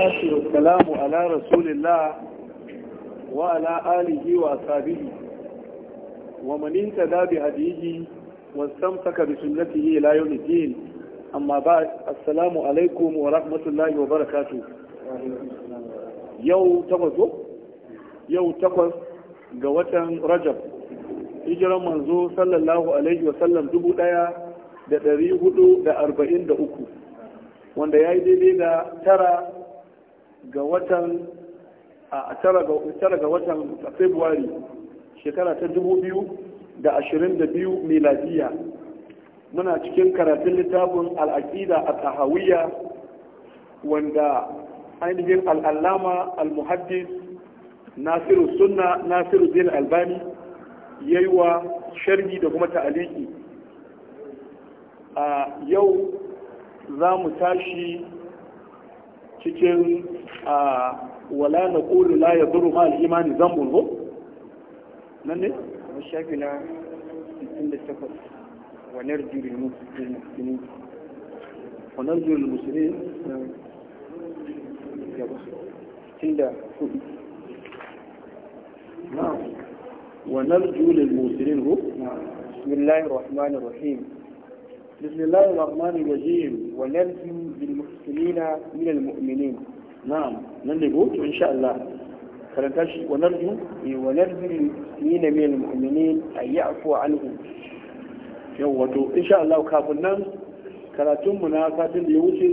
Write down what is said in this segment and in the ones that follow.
salatu wa salamu ala rasulillah wa ala alihi wa wa bi wa bi sunnatihi ila yawm al-din amma assalamu alaikum wa rahmatullahi wa barakatuh yau takwas yau takwas ga watan Rajab hijiran manzo sallallahu alaihi wa sallam dubu daya da dari da wanda ya yi daidai da tara ga watan a tara ga watan february shekara ta dubu ashirin da biyu miladiya muna cikin karatun littafin al'aƙida a tahawiyya wanda ainihin al'allama al-muhaddis nasiru sunna nasiru din albani ya yi wa sharhi da kuma ta'aliki a yau za mu tashi cikin a wala na ƙuri la ya zuru ma al'imani zambun ho? nan ne? shafi na 68 wanar jirin musulmi wanar jirin musulmi da hudu na wanar jirin musulmi ho? bismillahir rahmanir rahim بسم الله الرحمن الرحيم ونرجو للمحسنين من المؤمنين نعم نلبوت إن شاء الله فلنتشي ونرجو ونرجو للمحسنين من المؤمنين أن يعفو عنهم yawwato insha Allah kafin nan karatunmu na satin da ya wuce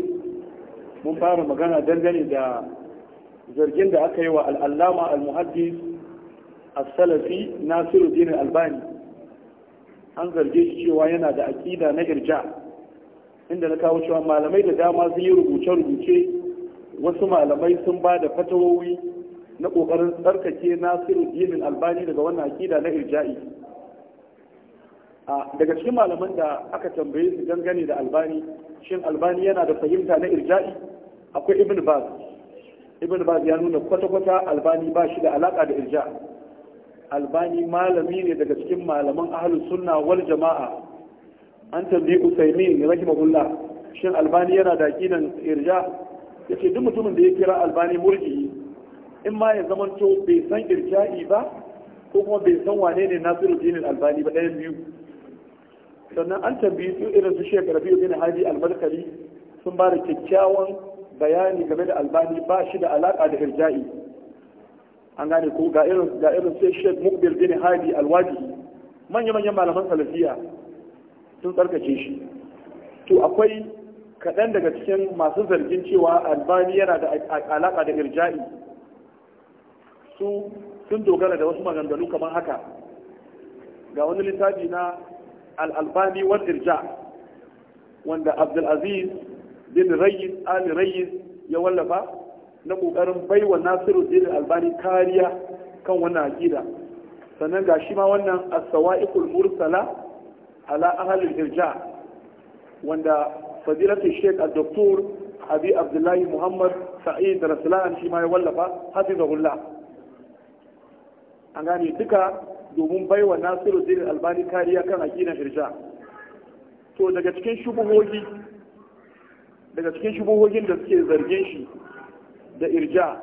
mun fara magana dangane da zargin da aka yi wa al'allama al-muhaddis as-salafi nasiruddin albani an zarge shi cewa yana da aƙida na irja inda na kawo cewa malamai da dama sun yi rubuce-rubuce wasu malamai sun ba da fatawowi na ƙoƙarin tsarkake nasiru dimin albani daga wannan aƙida na irja'i daga cikin malaman da aka tambaye su dangane da albani shin albani yana da fahimta na irja'i akwai ibn baz ibn baz ya nuna kwata-kwata albani ba shi da alaƙa da irja'i albani malami ne daga cikin malaman ahlus sunna wal jama'a an tambayi usaimin Magulla. shin albani yana da aqidan irja yace duk mutumin da ya kira albani murji in ma ya zamanto bai san irja'i ba ko kuma bai san wane ne nasiruddin albani ba ɗayan biyu sannan an tambayi su irin su shekara rabi'u bin hadi al sun ba da kyakkyawan bayani game da albani ba shi da alaka da irja'i an gane ko ga irin ga irin sai Sheikh Mukbil bin Hadi Alwadi manya manyan malaman salafiya sun tsarkake shi to akwai kaɗan daga cikin masu zargin cewa albani yana da alaƙa da irja'i su sun dogara da wasu maganganu kamar haka ga wani littafi na al-albani wal irja wanda abdulaziz bin rayyis ali rayyid ya wallafa na kokarin baiwa nasiru dirin albani kariya kan wannan aƙida sannan ga shi ma wannan asawa ikul mursala ala ahalin irja wanda fadilatun sheikh al-doktor abi abdullahi muhammad sa'id raslan shi ma ya wallafa hafizahullah an gane duka domin baiwa nasiru zirin albani kariya kan aƙina irja to daga cikin shubuhohi daga cikin shubuhohin da suke zargin shi da irja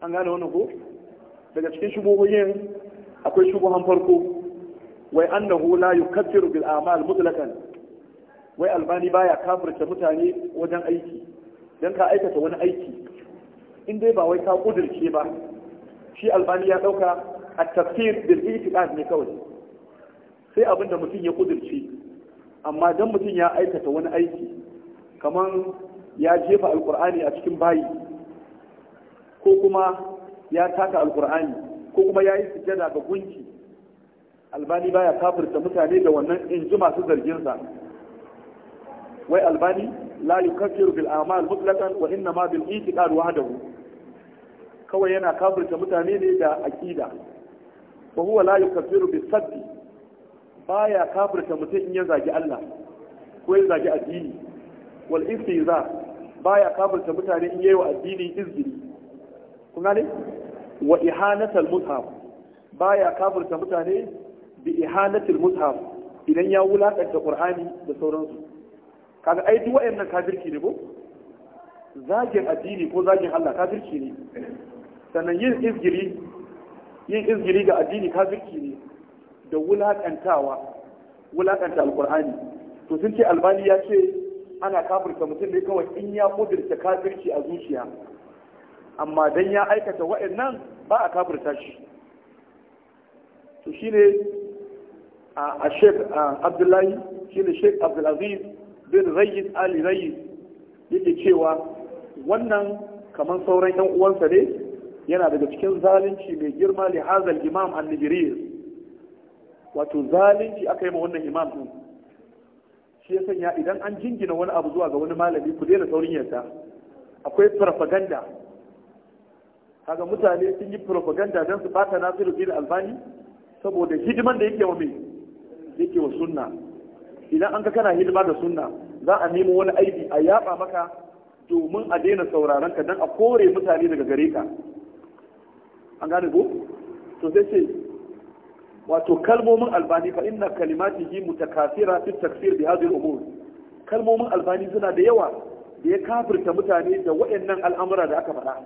an gane wani ko daga cikin shubuhoyin akwai shubuhan farko wai annahu la yukaffiru bil a'mal mutlaqan wai albani baya kafirta mutane wajen aiki dan ka aikata wani aiki in dai ba wai ka kudirce ba shi albani ya dauka at-tafsir bil i'tiqad ne kawai sai abinda mutum ya kudirce amma dan mutum ya aikata wani aiki kaman ya jefa alkur'ani a cikin bayi ko kuma ya taka alkur'ani ko kuma ya yi sujada ga gunki albani baya kafirta mutane da wannan in ji masu zarginsa wai albani la yukaffiru bil a'mal mutlaqan wa inna ma bil i'tiqad wahdahu kawai yana kafirta mutane ne da aqida fa huwa la yukaffiru bis baya kafirta mutum in ya zagi Allah ko ya zagi addini wal ba baya kafirta mutane in yayi wa addini izgiri kuma ne wa ihanatal mushaf baya kafirta mutane bi ihanatil mushaf idan ya wulakanta qur'ani da sauransu kaga ai duk wayannan kafirci ne ko zagin addini ko zagin Allah kafirci ne sannan yin izgiri yin izgiri ga addini kafirci ne da wulakantawa wulakanta alqur'ani to sun ce albani ya ce ana kafirta mutum ne kawai in ya kudirta kafirci a zuciya amma dan ya aikata wa'annan ba a kafirta shi to shine a Sheikh Abdullahi shine Sheikh Abdulaziz bin Rayyid Ali Rayyid yake cewa wannan kamar sauran ɗan uwansa ne yana daga cikin zalunci mai girma li hazal imam an wato zalunci aka yi ma wannan imam din shi ya sanya idan an jingina wani abu zuwa ga wani malami ku daina saurin yarda akwai propaganda. kaga mutane sun yi propaganda don su bata nasiru da albani saboda hidiman da yake wa mai yake wa sunna idan an ga kana hidima da sunna za a nemo wani aibi a yaba maka domin a daina sauraron ka don a kore mutane daga gare ka an gane ko to sai ce wato kalmomin albani fa inna kalimatihi mutakasira fi takfir bi hadhihi al-umur kalmomin albani suna da yawa da ya kafirta mutane da waɗannan al'amura da aka faɗa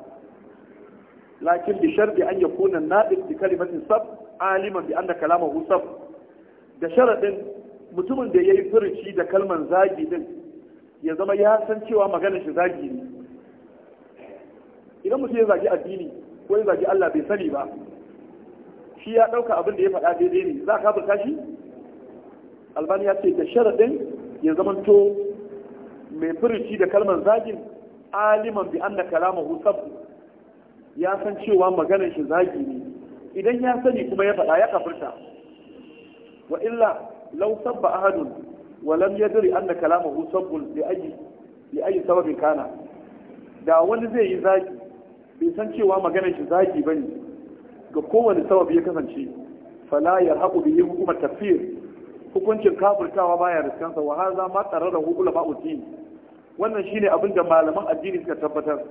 lakin bi sharti an yakuna nadiq bi kalimatin sab aliman bi anna kalamahu sab da sharadin mutumin da yayi furuci da kalman zagi din ya zama ya san cewa maganar shi zagi ne idan mutum ya zagi addini ko ya zagi Allah bai sani ba shi ya ɗauka abin da ya faɗa daidai ne za ka buka shi albani ya ce da sharaɗin ya zamanto mai firici da kalmar zagin aliman bi anna kalama sabbu ya san cewa maganar shi zagi ne idan ya sani kuma ya faɗa ya kafirta wa illa law sabba ahadun wa lam yadri anna kalamahu sabbu li ayi li ayi sababin kana da wani zai yi zagi bai san cewa maganar shi zagi bane ga kowane sababi ya kasance fala ya haƙu bihi hukumar tafsir hukuncin kafirtawa baya da riskansa wa haza ma tare da hukula ba wannan shine abin da malaman addini suka tabbatar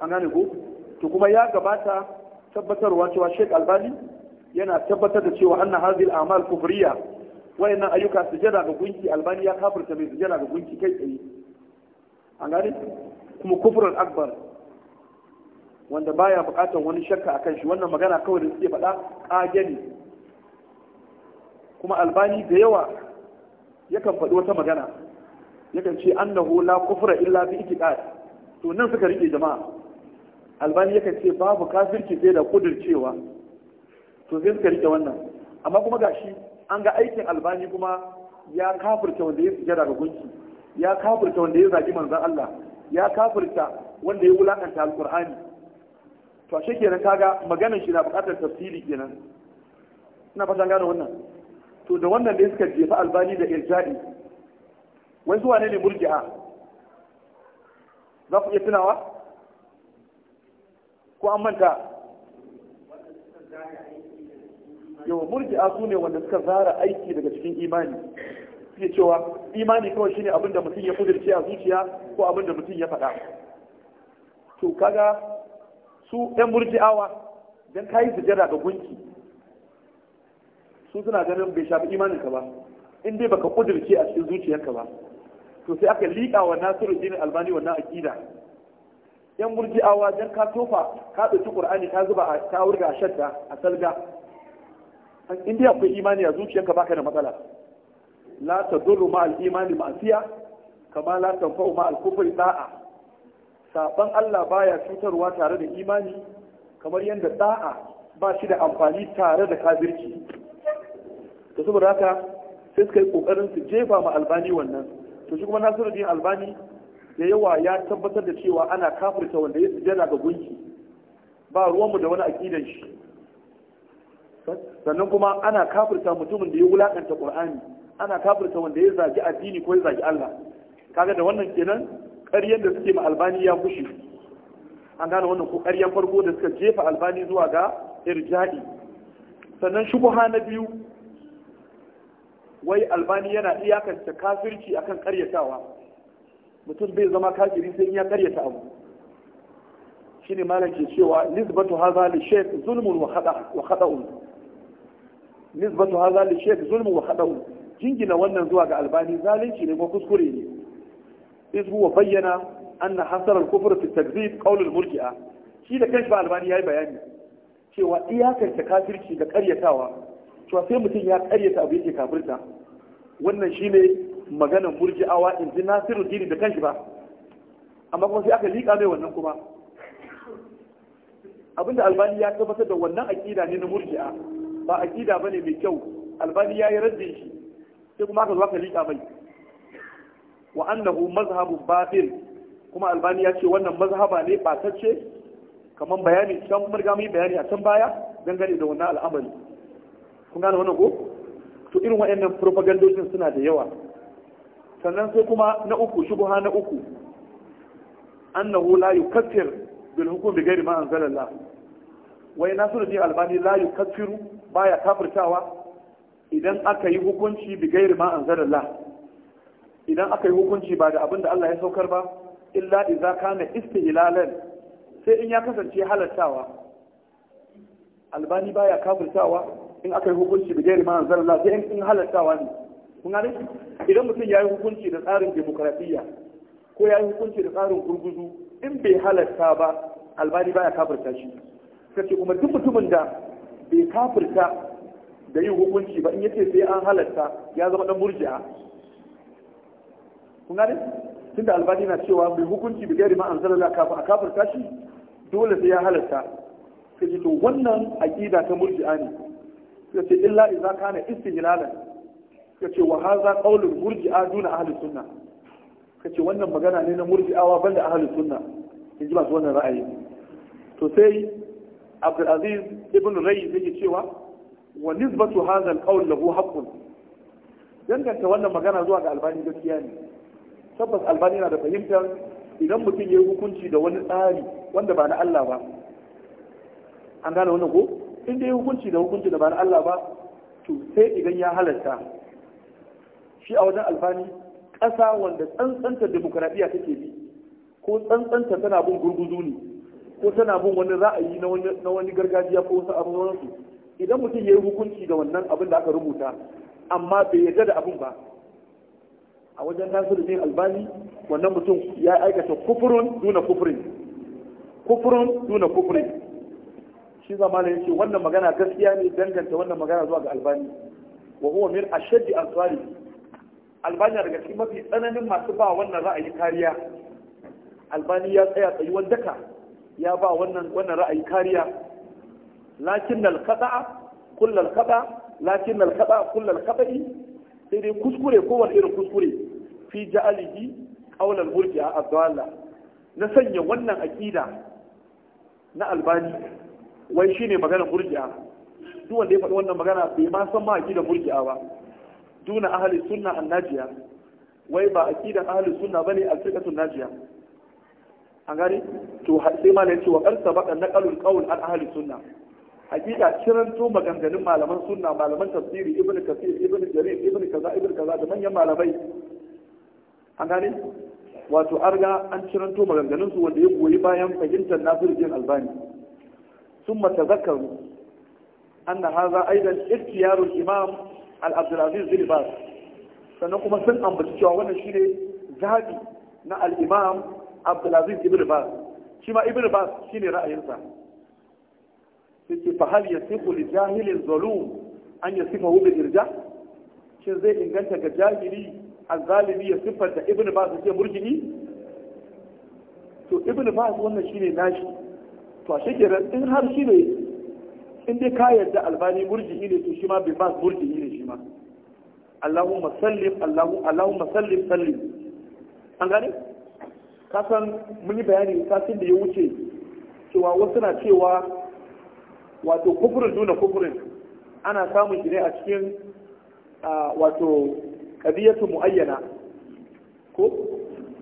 an gane ku, to kuma ya gabata tabbatarwa cewa shek Albani yana tabbatar da cewa anna hadhihi al-a'mal kufriya wayannan ayyuka jada ga gunki Albani ya kafirta mai jada ga gunki kai tsaye an gane kuma kufrun akbar wanda baya bukatar wani shakka kan shi wannan magana kawai da suke faɗa ƙage ne kuma albani da yawa yakan faɗi wata magana yakan ce annahu la kufra illa bi itiqad to nan suka rike jama'a albani yakan ce babu kafirci sai da kudircewa to sai suka rike wannan amma kuma gashi an ga aikin albani kuma ya kafirta wanda ya sujada ga gunki ya kafirta wanda ya zagi manzon Allah ya kafirta wanda ya wulakanta alqur'ani to ashe kenan kaga maganar shi na bukatar tafsiri kenan ina fatan gane wannan to da wannan da suka jefa albani da irja'i wai zuwa ne ne murji'a za ku iya tunawa ko an manta yau murji'a su ne wanda suka zara aiki daga cikin imani suke cewa imani kawai shine abinda mutum ya kudirce a zuciya ko abinda mutum ya faɗa to kaga su yan murji'awa ka kayi sujada ga gunki su suna ganin bai shafi imanin ka ba in dai baka kudirce a cikin zuciyarka ba to sai aka liƙa wa Nasiru Nasiruddin Albani wannan aƙida. yan murji'awa don ka tofa ka ɗauki Qur'ani ka zuba ka wurga a shadda a salga in dai akwai imani a zuciyarka baka da matsala la tadurru ma al'imani imani ma'siya kama la tanfa'u ma al-kufri da'a saban Allah baya cutarwa tare da imani kamar yadda da'a ba shi da amfani tare da kabirki. to saboda haka sai suka yi kokarin su jefa ma albani wannan to shi kuma din albani da yawa ya tabbatar da cewa ana kafirta wanda ya sujada ga gunki ba ruwanmu da wani aqidan shi sannan kuma ana kafirta mutumin da ya wulakanta qur'ani ana kafirta wanda ya zagi addini ko ya zagi Allah kaga da wannan kenan ƙaryen da suke ma albani ya fushi an gane wannan ko ƙaryen farko da suka jefa albani zuwa ga irja'i sannan shubuha na biyu wai albani yana iyakanta kafirci akan karyatawa mutum bai zama kafiri sai ya karyata abu shine malam ke cewa nisbatu hadha li shaykh zulmun wa haɗa'un, jingina wannan zuwa ga albani zalunci ne ko kuskure ne iz huwa bayyana anna hasar al-kufr fi takzib qawl al shi da kanshi ba albani yayi bayani cewa iyakar ta kafirci da karyatawa cewa sai mutum ya karyata abu yake kafirta wannan shine maganar murji'awa in ji nasiru dini da kanshi ba amma kuma sai aka liƙa mai wannan kuma abinda albani ya tabbatar da wannan aƙida ne na murji'a ba aƙida bane mai kyau albani ya yi raddin shi sai kuma aka zo aka liƙa mai wa annahu mazhabun batil kuma albani ya ce wannan mazhaba ne batacce kamar bayani can Murgami bayani a can baya dangane da wannan al'amari kun gane wannan ko to irin waɗannan propagandojin suna da yawa sannan sai kuma na uku shubuha na uku annahu la yukaffir bil hukm bi ghairi ma anzalalla wai nasiruddin albani la yukaffiru baya kafirtawa idan aka yi hukunci bi ghairi ma anzalalla idan aka yi hukunci ba da abin da Allah ya saukar ba illa idza kana istihlalan sai in ya kasance halaltawa albani baya kafirtawa in aka yi hukunci da gairi ma zalla sai in halaltawa ne kun gane idan mutum ya yi hukunci da tsarin demokradiyya ko ya yi hukunci da tsarin gurguzu in bai halarta ba albani baya kafirta shi kace kuma duk mutumin da bai kafirta da yin hukunci ba in yace sai an halarta, ya zama dan murji'a kun gane tunda albani na cewa mai hukunci bi gari ma da kafin a kafar shi dole sai ya halarta sai ce to wannan aqida ta murji'a ne sai ce illa idza kana istijlalan sai ce wa hadha qawlul murji'a duna ahli sunna sai ce wannan magana ne na murji'awa banda ahli sunna in ji masu wannan ra'ayi to sai abdul aziz ibn rai yake cewa wa nisbatu hadha ƙaunar lahu haqqun danganta wannan magana zuwa ga albani gaskiya ne tabbas albani na da fahimtar idan mutum ya yi hukunci da wani tsari wanda ba na Allah ba an gane wannan ko in dai hukunci da hukunci da ba na Allah ba to sai idan ya halarta shi a wajen albani ƙasa wanda tsantsantar demokuraɗiyya take bi ko tsantsanta tana bin gurguzu ne ko tana bin wani ra'ayi na wani gargajiya ko wasu su idan mutum ya yi hukunci da wannan abin da aka rubuta amma bai yarda da abin ba a wajen nasiru din albani wannan mutum ya aikata kufurin duna kufurin Kufurin duna kufurin shi zamana yace wannan magana gaskiya ne danganta wannan magana zuwa ga albani wa huwa min ashaddi ansari albani daga cikin mafi tsananin masu ba wannan ra'ayi kariya albani ya tsaya tsayuwar daka ya ba wannan wannan ra'ayi kariya lakin al-qada'a kullal qada lakin al-qada kullal qada'i sai dai kuskure wani irin kuskure fi ja'alihi qaulal a adalla na sanya wannan aƙida na albani wai shi magana maganar a duk wanda ya faɗi wannan magana bai ma san ma aqidar a ba duna suna sunna Najiya wai ba aqidar ahli sunna ne a cikin najiya an gani? to sai ma ne cewa qarsa na ƙalun qaul an ahalin sunna hakika kiranto maganganun malaman sunna malaman tafsiri ibnu kasir ibnu jarir ibnu kaza ibnu kaza da manyan malamai an gane wato arga an kiranto maganganun su wanda ya goyi bayan fahimtar nasiruddin albani ثم تذكروا أن هذا أيضا اختيار الإمام عبد العزيز sannan kuma sun ambaci cewa wannan شيء ذهبي na الإمام عبد العزيز بن باز شما ابن shine ra'ayinsa. sai fa ya sifu li jahilin zalum an yasifa hu irja shin zai inganta ga jahili azzalimi ya siffar da ibnu ba su ce murjini to ibnu ba wannan shine nashi to a shekeran in har shi ne in dai ka yarda albani murjini ne to shi ma bai ba murjini ne shi ma Allahumma sallim Allahumma sallim sallim an gane ka san mun yi bayani satin da ya wuce cewa wasu na cewa wato kufurin nuna kufurin ana samun shi ne a cikin wato kabiyatu muayyana ko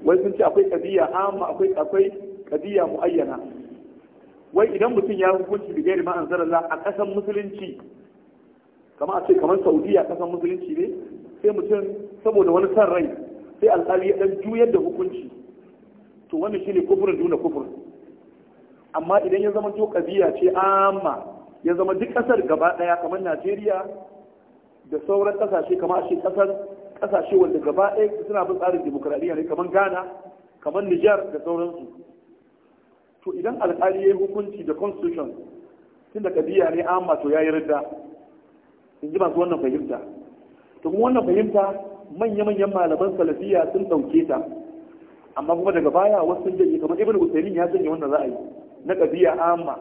wai sun ce akwai kabiya amma akwai akwai kabiya muayyana wai idan mutum ya hukunci bi gairi ma'an anzalallah a kasan musulunci kamar a ce kamar saudiya kasan musulunci ne sai mutum saboda wani san rai sai alƙali ya dan juyar da hukunci to wannan shine kufurin nuna kufurin amma idan ya zama to kabiya ce amma ya zama duk kasar gaba daya kamar Najeriya da sauran kasashe kamar shi kasar kasashe wanda gaba daya suna bin tsarin demokradiyya ne kamar Ghana kamar Niger da sauransu to idan alƙali ya yi hukunci da constitution tunda kabiya ne amma to yayi ridda in ji masu wannan fahimta to kuma wannan fahimta manya-manyan malaman salafiya sun ɗauke ta amma kuma daga baya wasu sun janye kamar ibn usaimin ya janye wannan ra'ayi na ƙabiya amma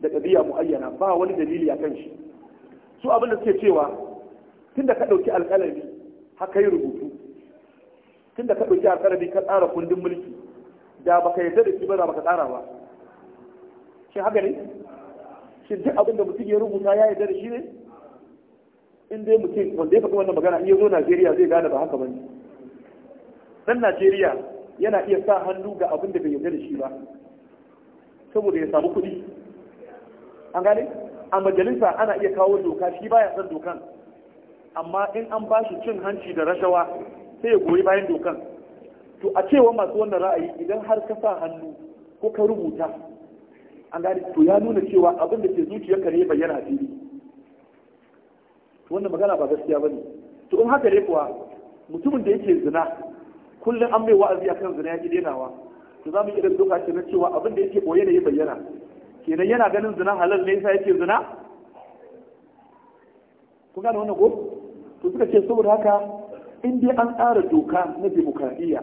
da ƙabiya muayyana ba wani dalili a kan shi su abin da suke cewa tun da ka ɗauki alƙalami haka yi rubutu Tun da ka ɗauki alƙalami ka tsara kundin mulki da baka yarda da shi ba da ka tsara ba shin haka ne shin duk abin da mutum ya rubuta ya yarda da shi ne in dai mutum wanda ya faɗi wannan magana iya zo Najeriya zai gane ba haka bane dan Najeriya yana iya sa hannu ga abin da bai yarda da shi ba saboda ya samu kuɗi an gane a majalisa ana iya kawo doka shi baya son dokan amma in an ba shi cin hanci da rashawa sai ya goyi bayan dokan to a cewa masu wannan ra'ayi idan har ka sa hannu ko ka rubuta an gane to ya nuna cewa abin da ke zuciyarka ne bayyana fili wannan magana ba gaskiya bane to in haka ne kuwa mutumin da yake zina kullum an mai wa'azi akan zina ya ki denawa to za mu yi irin doka na cewa abin da yake boye ne ya bayyana kenan yana ganin zina halal ne yasa yake zina ku gane wannan ko to suka ce saboda haka in dai an tsara doka na demokradiyya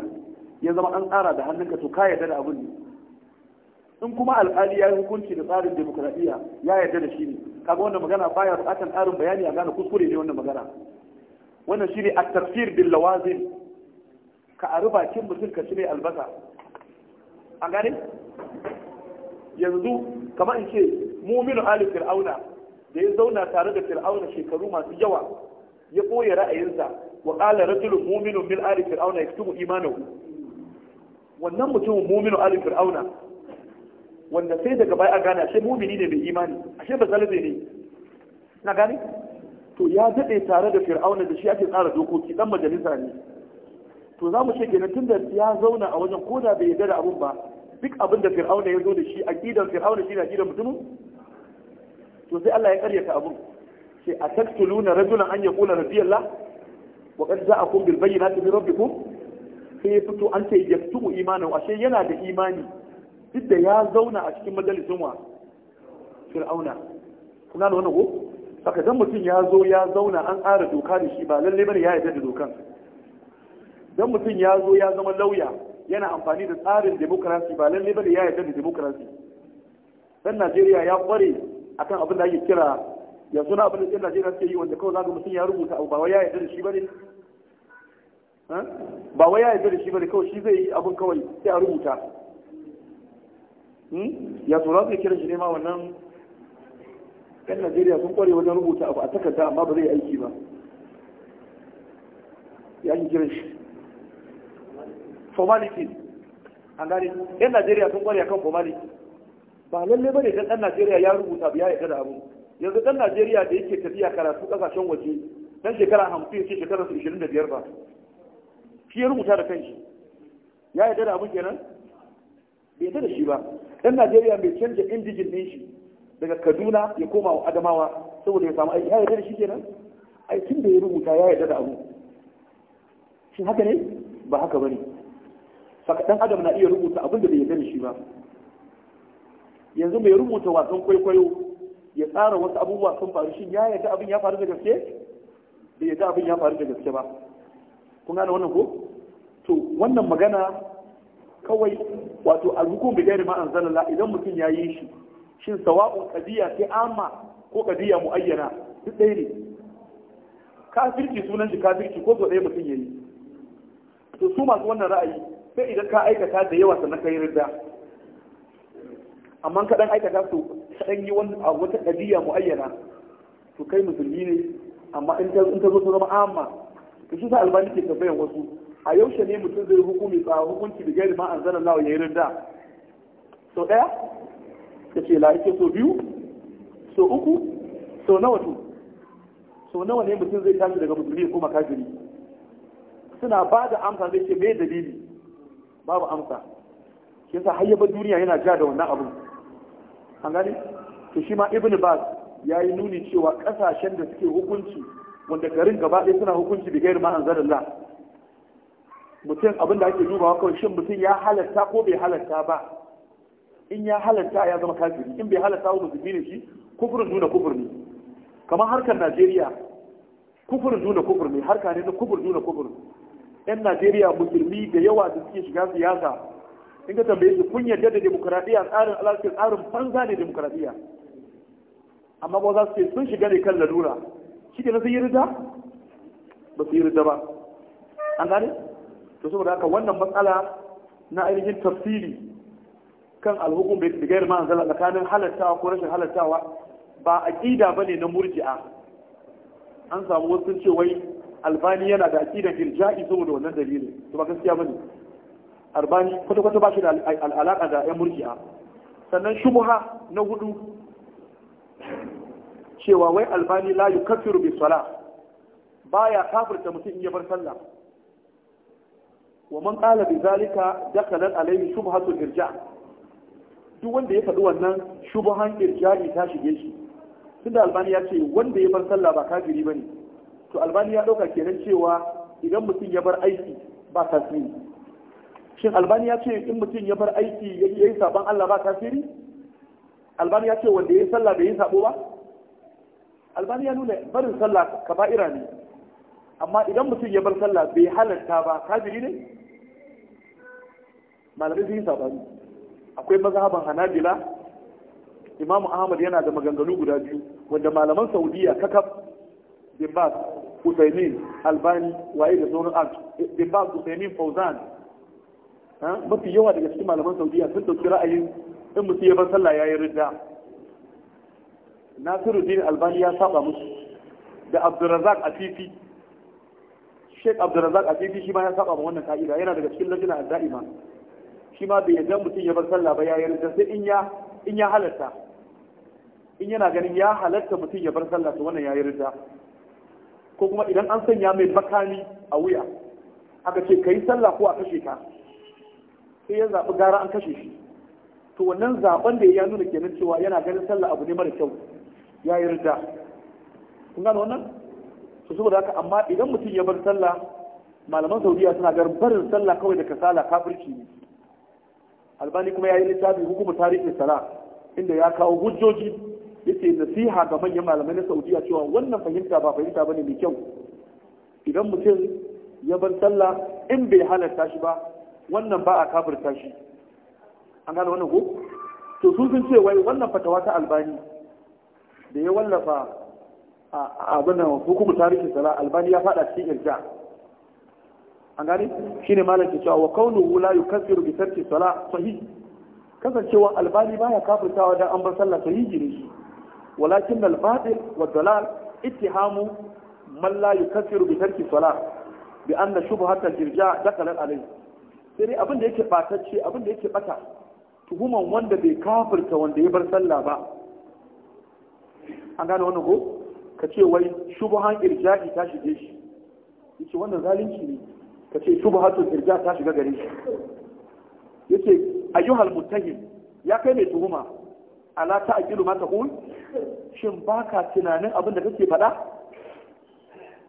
ya zama an tsara da hannunka to ka yarda da abin ne in kuma alƙali ya yi hukunci da tsarin demokradiyya ya yarda da shi ne kaga wannan magana baya bukatar tsarin bayani a gane kuskure ne wannan magana wannan shi ne a tafsir bil lawazim ka a rubakin mutum ka cire albasa A gane yanzu kamar in ce muminu ali fir'auna da ya zauna tare da fir'auna shekaru masu yawa ya koya ra'ayinsa wa qala rajulu muminu min ali fir'auna yaktubu imanahu wannan mutumin muminu ali fir'auna wanda sai daga baya a gane ashe mumini ne mai imani ashe ba zalabe ne na gane to ya daɗe tare da fir'auna da shi ake tsara dokoki dan majalisa ne to za mu ce kenan tunda ya zauna a wajen koda bai yarda da abun ba duk abin da fir'auna ya zo da shi gidan fir'auna shi ne gidan mutumin to sai Allah ya karyata abun sai a taktuluna rajulan an rabbi Allah wa qad ja'akum bil bayyinati min rabbikum sai ya fito an ce yaktubu imanahu ashe yana da imani duk da ya zauna a cikin majalisin wa fir'auna kuna da wannan ko saka dan mutum ya zo ya zauna an ƙara doka da shi ba lalle bane ya yarda da dokan dan mutum ya zo ya zama lauya yana amfani da tsarin demokrasi ba lalle ba da ya yarda da demokrasi dan Najeriya ya kware akan abin da ake kira yanzu na abin da yan Najeriya suke yi wanda kawai zaka mutum ya rubuta abu ba wai ya yarda da shi bane ba wai ya yarda da shi bane kawai shi zai yi abin kawai sai a rubuta hmm? ya so za kira shi ne ma wannan yan Najeriya sun kware wajen rubuta abu a takarda amma ba zai aiki ba ya yi kiran shi formality an gane yan najeriya sun kware kan formality ba lalle bane dan dan najeriya ya rubuta biya ya kada abu yanzu dan najeriya da yake tafiya karatu kasashen waje dan shekara hamsin ce shekara su ishirin da biyar ba shi ya rubuta da kanshi ya yarda da abu kenan bai yarda da shi ba dan najeriya bai canja indijin din shi daga kaduna ya koma wa adamawa saboda ya samu aiki ya yarda da shi kenan aikin da ya rubuta ya yarda da abu shin haka ne ba haka bane saka dan adam na iya rubuta abin da bai yarda shi ba yanzu mai rubuta wasan kwaikwayo ya tsara wasu abubuwa sun faru shi ya yadda abin ya faru da gaske bai yadda abin ya faru da gaske ba kun gane wannan ko to wannan magana kawai wato alhukum bi gairi ma anzalalla idan mutum ya yi shi shin sawa'un qadiya sai amma ko mu muayyana duk ɗaya ne kafirci sunan shi kafirci ko so ɗaya mutum yi to su masu wannan ra'ayi sai idan ka aikata da yawa sannan ka yi rida amma ka dan aikata su ka dan yi wata mu mu'ayyana to kai musulmi ne amma in ta zo ta zama amma to shi sa albani ke tambayan wasu a yaushe ne mutum zai hukumi tsawa hukunci da gairi ma an lawa ya yi ridda so ɗaya ka ce la sau so biyu so uku so nawa to so nawa ne mutum zai tashi daga musulmi ko makafiri suna ba da amsa zai ce me dalili babu amsa shi sa har yaba duniya yana ja da wannan abu an gani to shi ma ibn bas ya yi nuni cewa kasashen da suke hukunci wanda garin gaba ɗaya suna hukunci da gairi ma'an Allah mutum abin da ake dubawa kawai shin mutum ya halatta ko bai halatta ba in ya halatta ya zama kafiri in bai halatta ba musulmi ne shi kufurin nuna kufur ne kamar harkar najeriya kufurin nuna kufur ne harka ne na kufurin nuna kufur 'yan najeriya musulmi da yawa da suke shiga siyasa in ka tambaye su kun yarda da demokuraɗiyya tsarin alaƙar tsarin banza ne demokuraɗiyya amma ba za su ce sun shiga ne kan lalura shi ke sun yi rida ba su yi rida ba an gane to saboda haka wannan matsala na ainihin tafsiri kan alhukum bai gayar ma zala tsakanin halartawa ko rashin halartawa ba aƙida ba ne na murji'a an samu wasu cewai albani yana da aqidar irja'i saboda wannan dalilin to ba gaskiya bane albani kwata kwata ba shi da alaka da yan murji'a sannan shubha na hudu cewa wai albani la yukaffiru bi salah baya kafirta mutum in ya bar sallah wa man qala bi zalika dakhala alayhi shubhatu irja' duk wanda ya faɗi wannan shubhan irja'i ta shige shi tunda albani ya ce wanda ya bar sallah ba kafiri bane to albani ya ɗauka kenan cewa idan mutum ya bar aiki ba tasiri shin albani ya ce in mutum ya bar aiki ya yi saban Allah ba tasiri albani ya ce wanda ya yi sallah bai yi sabo ba albani ya nuna barin sallah kaba'ira ne amma idan mutum ya bar sallah bai halarta ba kafiri ne malamai sun yi sabani akwai mazhaban hanabila imamu ahmad yana da maganganu guda biyu wanda malaman saudiya kakaf Dibas, Usaimin, Albani, waye da sauran al Bimbas, Usaimin, Fauzan. Mafi yawa daga cikin malaman Saudiya sun ɗauki ra'ayin in mutum ya bar sallah ya yi ridda. Nasiruddin Albani ya saba musu da Abdulrazak Afifi. Sheikh Abdulrazak Afifi shi ma ya saba ma wannan ka'ida yana daga cikin lajina a daima Shi ma bai yadda mutum ya bar sallah ba ya yi ridda sai in ya in ya halatta. in yana ganin ya halatta mutum ya bar sallah to wannan ya yi rida ko kuma idan an sanya mai makami a wuya aka ce ka yi sallah ko a kashe ka sai ya zaɓi gara an kashe shi to wannan zaɓen da ya nuna kenan cewa yana ganin sallah abu ne mara kyau ya yarda kun gano wannan su saboda haka amma idan mutum ya bar sallah malaman saudiya suna gar barin sallah kawai da kasala kafirci ne albani kuma ya yi littafi hukumar tarihin sala inda ya kawo hujjoji yake nasiha ga manyan malamai na saudiya cewa wannan fahimta ba fahimta bane mai kyau idan mutum ya bar sallah in bai halarta shi ba wannan ba a kafirta shi an gane wannan ko to sun sun ce wai wannan fatawa ta albani da ya wallafa a abin hukumar tarihin sala albani ya fada cikin irja an gane shine malam ke cewa wa kaunu la yukaffiru bi tarki sala sahih kasancewa albani baya kafirtawa dan an bar sallah sahihi ne shi walakin الباطل والضلال اتهام من لا man بترك yukaffiru bi tarki salat دخلت عليه shubhat al-irja sai dai abin da yake batacce abin da yake bata tuhuman wanda bai kafirta wanda ya bar sallah ba an gane wannan ko ka ce wai shubuhan irja'i ta shige shi yace wannan zalunci ne ka ce shubhatul irja ta shiga gare shi yace ayyuhal muttahim ya kai mai tuhuma ala ta aqilu ma taqul shin baka tunanin abin da kake faɗa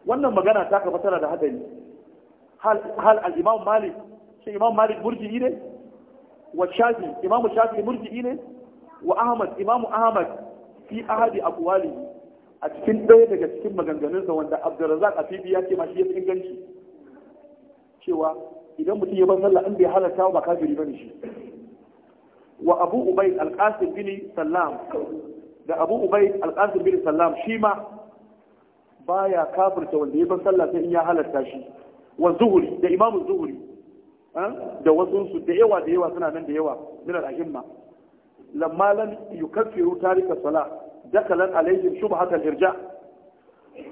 wannan magana ta kafa tana da hadari hal al imam malik shin imam malik murji'i ne wa shafi imam shafi murji'i ne wa ahmad imam ahmad fi ahadi aqwali a cikin ɗaya daga cikin maganganunsa wanda abdurrazzaq afifi ya ce ma shi ya inganci cewa idan mutum ya bar sallah in bai halarta ba kafiri bane shi wa abu ubaid alqasim bin sallam da abu ubaid alqasim bin sallam shi ma ya kafirta wanda ya ban sallah sai in ya halarta shi wa zuhuri da imamu zuhuri eh, da wasu da yawa da yawa suna nan da yawa min al-ahimma lamma lan yukaffiru tarika salah dakalan alaihim shubhat al-irja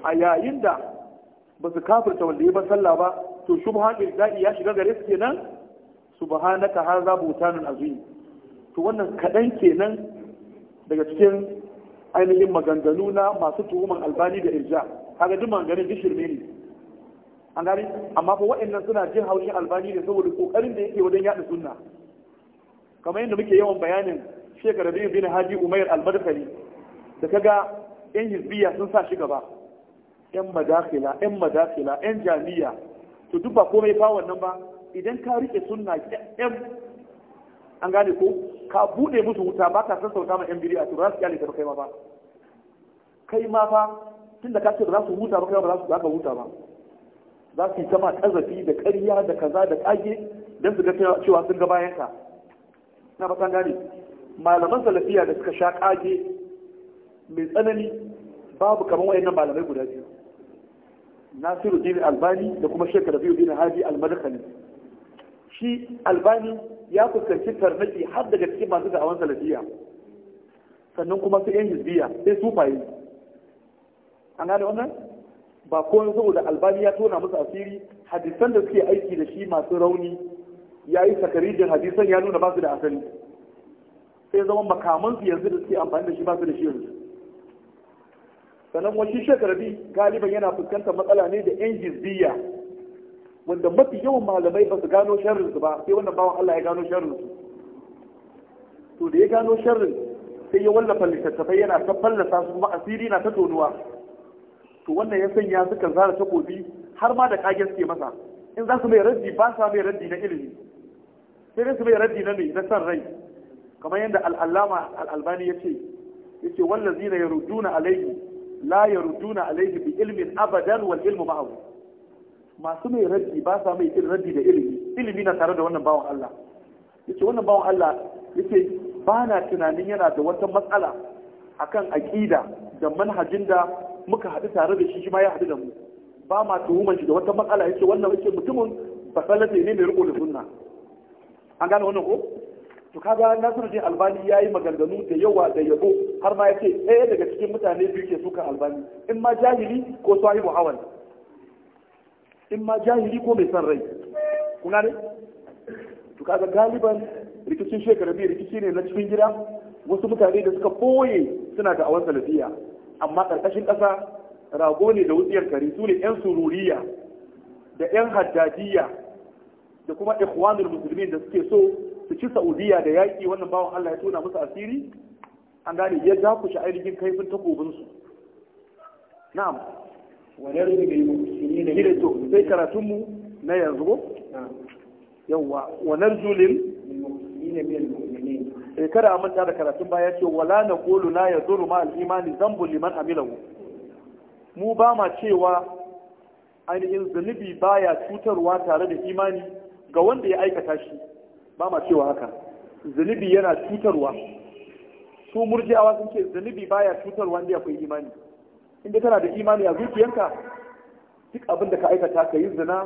a yayin da ba su kafirta wanda ya ban sallah ba to shubhat irja'i ya shiga gare su kenan subhanaka hadha butanun azim to wannan kaɗan kenan daga cikin ainihin maganganu na masu tuhuman albani da irja kaga duk maganganun duk shirme ne an gani amma fa waɗannan suna jin haushin albani ne saboda kokarin da yake wajen yaɗa sunna kamar yadda muke yawan bayanin shekara biyu bin haji al albarkari da kaga yan hizbiya sun sa shi gaba yan madakila yan madakila yan jami'a to duk ba komai fa wannan ba idan ka rike sunna yan an gane ko ka bude musu wuta ba ka san sauta ma yan biri a tura su kyale ba kai ma ba kai ma fa tun da ka ce ba za su huta ba kai ba za su huta ba za su yi sama kazafi da ƙarya da kaza da ƙage don su ga cewa sun ga bayan ka na ba san gane malaman salafiya da suka sha ƙage mai tsanani babu kamar wayannan malamai guda biyu nasiru dini albani da kuma shekara biyu dini haji almadakali shi albani ya fuskanci tarnaki har daga cikin masu da'awan salafiya sannan kuma su yan hizbiya sai sufaye an gane wannan ba komai saboda albani ya tona musu asiri hadisan da suke aiki da shi masu rauni ya yi sakarijin hadisan ya nuna ba su da asali sai zama makamansu yanzu da suke amfani da shi ba su da shi yanzu sannan wani shekarabi galiban yana fuskantar matsala ne da yan hizbiya wanda mafi yawan malamai ba su gano sharrinsu su ba sai wannan bawan Allah ya gano sharrinsu. su to da ya gano sharrin sai ya wallafa littattafai yana ta fallasa su kuma asiri na ta tonuwa to wannan ya sanya suka zara takobi har ma da kage suke masa in za su mai raddi ba sa mai raddi na ilimi sai dai su mai raddi na mai na san rai kamar yadda al'allama al'albani ya ce ya ce wallazina ya rujuna alaihi la ya rujuna alaihi bi ilmin abadan wal ilmu ma'ahu masu mai raddi ba sa mai irin raddi da ilimi ilimi na tare da wannan bawan Allah yace wannan bawan Allah yace ba na tunanin yana da wata matsala akan aƙida da manhajin da muka haɗu tare da shi shi ma ya haɗu da mu ba ma tuhuman shi da wata matsala yace wannan yace mutumin basalate ne mai riko da sunna an gane wannan ko to kaga Nasiruddin Albani yayi maganganu da yawa da yabo har ma yace ɗaya daga cikin mutane biyu ke suka Albani in ma jahili ko sahibu hawan. in ma jahili ko mai son rai kuna ne to kaga galiban rikicin shekara biyu rikici ne na cikin gida wasu mutane da suka boye suna da awan salafiya amma karkashin ƙasa rago ne da wutsiyar kare su ne 'yan sururiya da 'yan haddadiya da kuma ikhwanul musulmin da suke so su ci saudiya da yaƙi wannan bawan allah ya tona musu asiri an gane ya shi ainihin kaifin takobinsu na'am ونرد بالمحسنين هدتو زي كراتمو نا يزغو يوا ونرجو للمحسنين من المؤمنين kada a manta da karatun baya ce wala na kolu la ya zuru ma al'imani zambu liman amilahu mu ba ma cewa ainihin zunubi baya cutarwa tare da imani ga wanda ya aikata shi ba ma cewa haka zunubi yana cutarwa su murji'awa sun ce zunubi baya cutarwa wanda akwai imani inda kana da imani a zuciyarka, duk abin da ka aikata ka yi zina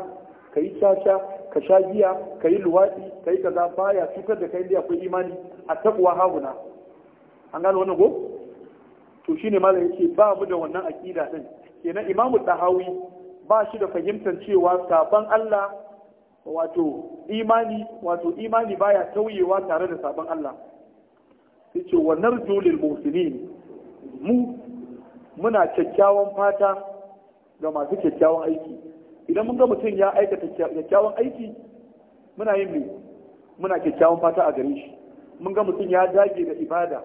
ka yi caca ka sha giya ka yi luwaɗi ka yi kaza baya cutar da kai inda akwai imani a taɓuwa haguna an gano wannan ko to shine malam yake ba mu da wannan aƙida din kenan imamu ɗahawi ba shi da fahimtar cewa sabon Allah wato imani wato imani baya tauyewa tare da sabon Allah sai ce wa narjulil muslimin mu muna kyakkyawan fata ga masu kyakkyawan aiki idan mun ga mutum ya aikata kyakkyawan aiki muna yin me muna kyakkyawan fata a gare shi mun ga mutum ya dage da ibada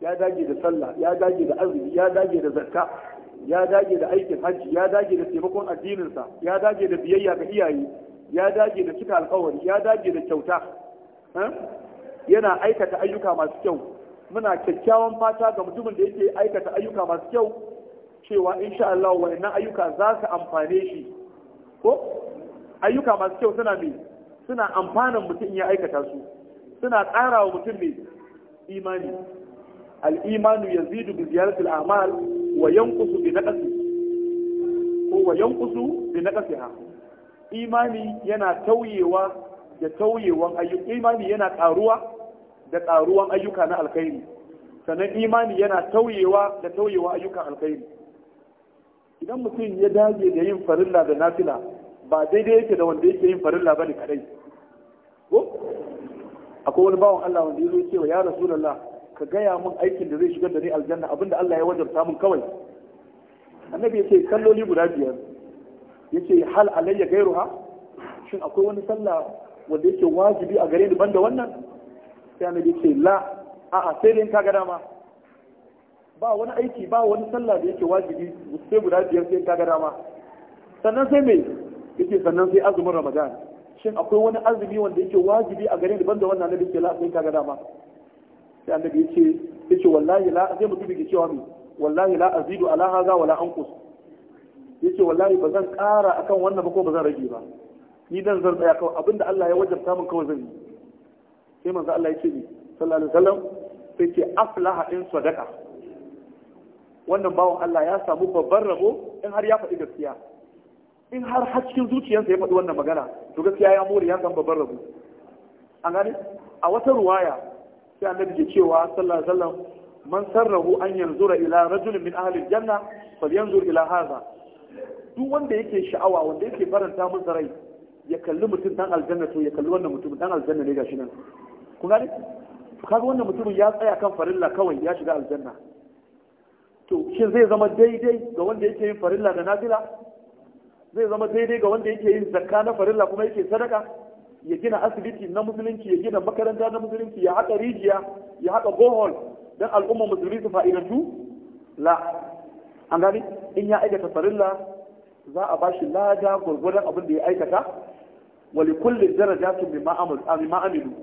ya dage da sallah ya dage da azumi ya dage da zakka ya dage da aikin hajji ya dage da taimakon addininsa ya dage da biyayya ga iyaye ya dage da cika alkawari ya dage da kyauta eh? yana aikata ayyuka masu kyau muna kyakkyawan fata ga mutumin da yake aikata ayyuka masu kyau cewa insha Allah wannan ayyuka za su amfane shi ko ayyuka masu kyau suna me suna amfanan mutum ya aikata su suna ƙara wa mutum me imani al-imanu yazidu bi ziyarati al-a'mal wa yanqusu bi naqsi ko wa yanqusu bi ha imani yana tauyewa da tauyewan ayyuka imani yana ƙaruwa da ƙaruwan ayyuka na alkhairi sannan imani yana tauyewa da tauyewa ayyukan alkhairi idan mutum ya dage da yin farilla da nafila ba daidai yake da wanda yake yin farilla bane kadai ko akwai wani bawan Allah wanda ya zo cewa ya rasulullah ka gaya mun aikin da zai shigar da ni aljanna abinda Allah ya wajabta min kawai annabi yace kalloli guda biyar yace hal alayya gairuha shin akwai wani sallah wanda yake wajibi a gare ni banda wannan sai annabi ce la a'a sai dai ka ga dama ba wani aiki ba wani sallah da yake wajibi sai guda biyar sai ka ga dama sannan sai me yake sannan sai azumin ramadan shin akwai wani azumi wanda yake wajibi a gare ni banda wannan annabi ce la sai ka ga dama sai annabi ya ce yace wallahi la sai mutum yake cewa me wallahi la azidu ala hadha wala anqus yace wallahi ba zan ƙara akan wannan ba ko ba zan rage ba ni dan zan tsaya kawai abinda Allah ya wajabta min kawai zan yi sai manzo Allah ya ce ni sallallahu alaihi wasallam sai ce aflaha in sadaka wannan bawan Allah ya samu babban rabo in har ya faɗi gaskiya in har har cikin zuciyarsa ya faɗi wannan magana to gaskiya ya more ya san babban rabo an gane a wata ruwaya sai annabi ke cewa sallallahu alaihi wasallam man sarrahu an yanzura ila rajulin min ahli aljanna falyanzur ila hadha duk wanda yake sha'awa wanda yake faranta masa rai ya kalli mutum dan aljanna to ya kalli wannan mutum dan aljanna ne gashi nan ku ne? to kaga wannan mutumin ya tsaya kan farilla kawai ya shiga aljanna to shin zai zama daidai ga wanda yake yin farilla da nafila zai zama daidai ga wanda yake yin zakka na farilla kuma yake sadaka ya gina asibiti na musulunci ya gina makaranta na musulunci ya haƙa rijiya ya haƙa bohol don al'ummar musulmi su fa'idantu la an gani in ya aikata farilla za a bashi lada gwargwadon abin da ya aikata wali kullum daraja bi ma'amilu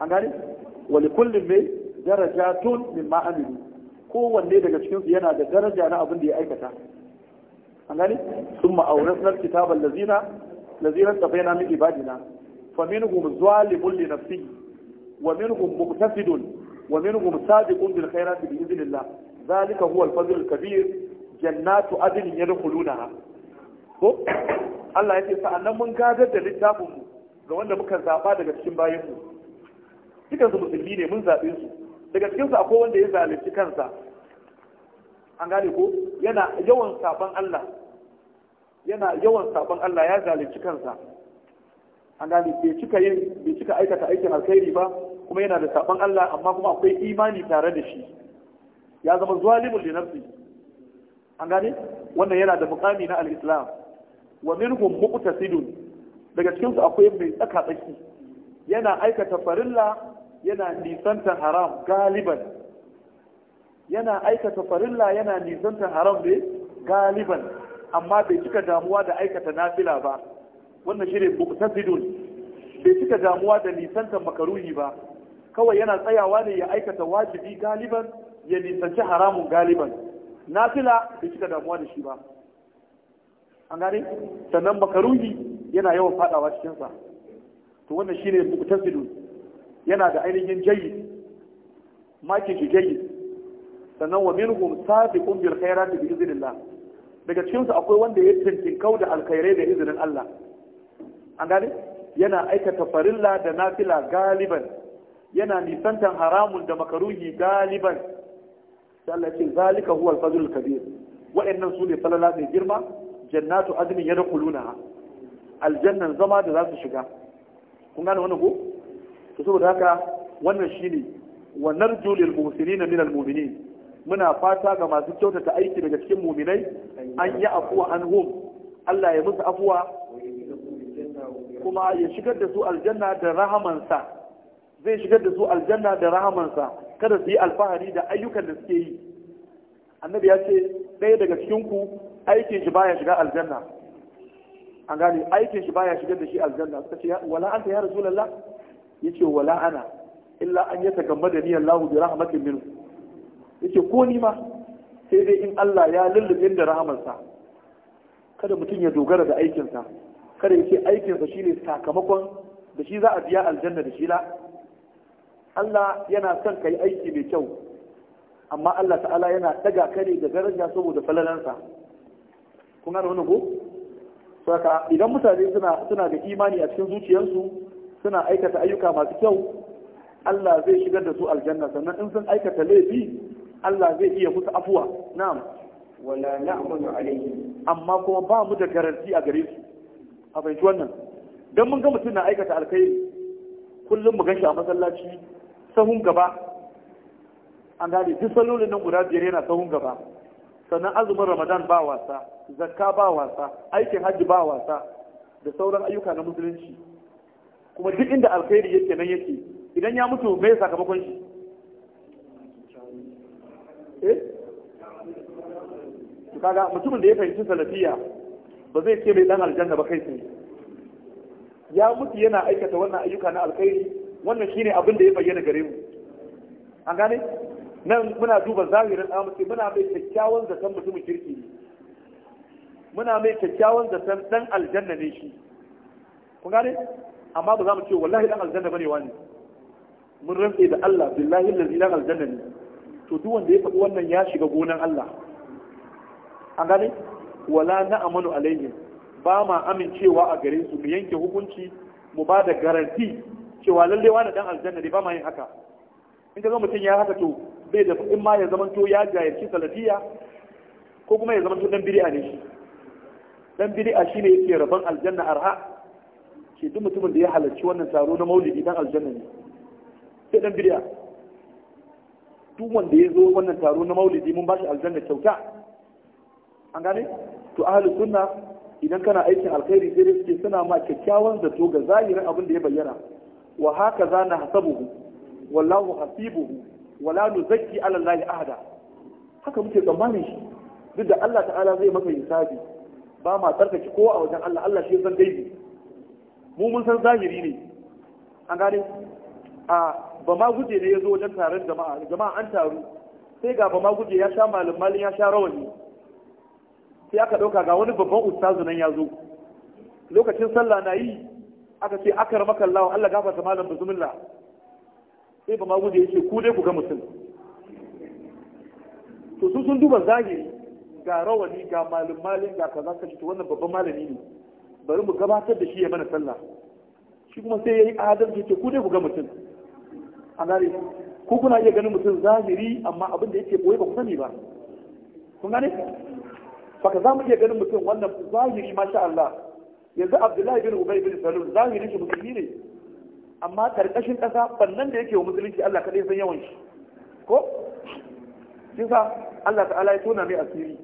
an gane Wani kullum mai daraja tun min ma'amili kowanne daga cikinsu yana da daraja na abin da ya aikata an gani sun ma'auras sunar kitabar lazina lazinar tafai na min ibadina fa minhum zalimun li nafsi wa min minhum muqtasidun wa min minhum sabiqun bil su bi idhnillah zalika huwa al-fadl al-kabir jannatu adnin yadkhulunaha ko Allah ya ce sa'annan mun gadar da littafin ga wanda muka zaba daga cikin bayanku. dukan su musulmi ne mun zaɓe su daga cikin su akwai wanda ya zalunci kansa an gane ko yana yawan saban Allah yana yawan saban Allah ya zalunci kansa an gane bai cika yin bai cika aikata aikin alkhairi ba kuma yana da saban Allah amma kuma akwai imani tare da shi ya zama zalimul li nafsi an gane wannan yana da muqami na al-islam wa minhum muqtasidun daga cikin su akwai mai tsaka tsaki yana aikata farilla yana nisantar haram galiban yana aikata farilla yana nisantar haram ne galiban amma bai cika damuwa da aikata nafila ba wannan shi ne bai cika damuwa da nisantar makaruhi ba kawai yana tsayawa ne ya aikata wajibi galiban ya nisanci haramun galiban nafila bai cika damuwa da shi ba an gane sannan makaruhi yana yawan faɗawa cikinsa to wannan shi ne muktasidun yana da ainihin jayi makin shi jayi sannan wa minhum sabiqun bil khairati bi idhnillah daga cikin su akwai wanda ya kau da alkhairai da izinin Allah an gane yana aikata farilla da nafila galiban yana nisantan haramun da makaruhi galiban sai Allah ce zalika huwa al-fadlul kabir wa'annan su ne falala mai girma jannatu adnin yadkhulunaha aljannan zama da za su shiga kun gane wannan ko to saboda haka wannan shine wa narju lil muhsinina min al mu'minin muna fata ga masu kyautata aiki daga cikin mu'minai an yi afuwa an hum Allah ya musu afuwa kuma ya shigar da su aljanna da rahamansa zai shigar da su aljanna da rahamansa kada su yi alfahari da ayyukan da suke yi annabi ya ce ɗaya daga cikin ku aikin shi baya shiga aljanna an gane aikin shi baya shigar da shi aljanna suka ce wala anta ya rasulullah yace wala ana illa an yata gamma da niyan lahu bi rahmatin minhu yace ko ni ma sai dai in Allah ya lullube da rahamarsa kada mutum ya dogara da aikinsa kada yace aikinsa shine sakamakon da shi za a biya aljanna da shi la Allah yana son yi aiki mai kyau amma Allah ta'ala yana daga kare da daraja saboda falalansa kun gane wani ko saka idan mutane suna suna da imani a cikin zuciyarsu suna aikata ayyuka masu kyau Allah zai shigar da su aljanna sannan in sun aikata laifi Allah zai iya musu afuwa na'am wala na'manu alayhi amma kuma ba mu da garanti a gare su a fahimci wannan dan mun ga mutum na aikata alkhairi kullum mu ganshi a masallaci sahun gaba an gane duk salolin nan guda biyar yana sahun gaba sannan azumin ramadan ba wasa zakka ba wasa aikin hajji ba wasa da sauran ayyuka na musulunci kuma duk inda alkhairi yake nan yake idan ya mutu me sakamakon shi eh kaga mutumin da ya fahimci salafiya ba zai ce mai dan aljanna ba kai tsaye ya mutu yana aikata wannan ayyuka na alkhairi wannan shine abin da ya bayyana gare mu an gane nan muna duba zahirin amince muna mai kyakkyawan zaton mutumin kirki ne muna mai kyakkyawan zaton dan aljanna ne shi kun gane amma ba za mu ce wallahi dan aljanna bane wani mun rantse da Allah billahi allazi dan aljanna ne to duk wanda ya faɗi wannan ya shiga gonan Allah an gane wala na amanu alaihim ba ma amincewa a gare su mu yanke hukunci mu ba da garanti cewa lalle wani dan aljanna ne ba ma yin haka in ka ga mutum ya haka to bai da in ma ya zamanto ya jayarci salafiya ko kuma ya zamanto dan bid'a ne shi dan bid'a shine yake rabon aljanna arha ke duk mutumin da ya halarci wannan taro na maulidi dan aljanna ne sai dan bidiya duk wanda ya zo wannan taro na maulidi mun bashi aljanna kyauta an gane to ahlus sunna idan kana aikin alkhairi sai suke suna ma kyakkyawan zato ga zahirin abin da ya bayyana wa haka za na hasabuhu wallahu hasibuhu wala nuzakki ala allahi ahada haka muke tsammanin shi duk da Allah ta'ala zai maka hisabi ba ma tsarkake kowa a wajen Allah Allah shi zan gaibi mu mun san zahiri ne an gane a ba ma guje ne ya zo wajen taron jama'a jama'a an taru sai ga ba ma guje ya sha malin malin ya sha rawani sai aka ɗauka ga wani babban ustazu nan ya zo lokacin sallah na yi aka ce akar makallawa Allah gafarta malam bismillah sai ba ma guje ya ce ku dai ku ga mutum to sun sun duba zahiri ga rawani ga malin malin ga kaza kashi to wannan babban malami ne bari mu gabatar da shi ya mana sallah shi kuma sai ya yi adalci ce ku dai ku ga mutum a gane kuna iya ganin mutum zahiri amma abin da yake boye ba ku sani ba kun gane faka za mu iya ganin mutum wannan zahiri masha Allah yanzu Abdullahi bin Ubay bin Salul zahirin shi musulmi ne amma karkashin kasa bannan da yake wa musulunci Allah kadai san yawan shi ko kin Allah ta'ala ya tona mai asiri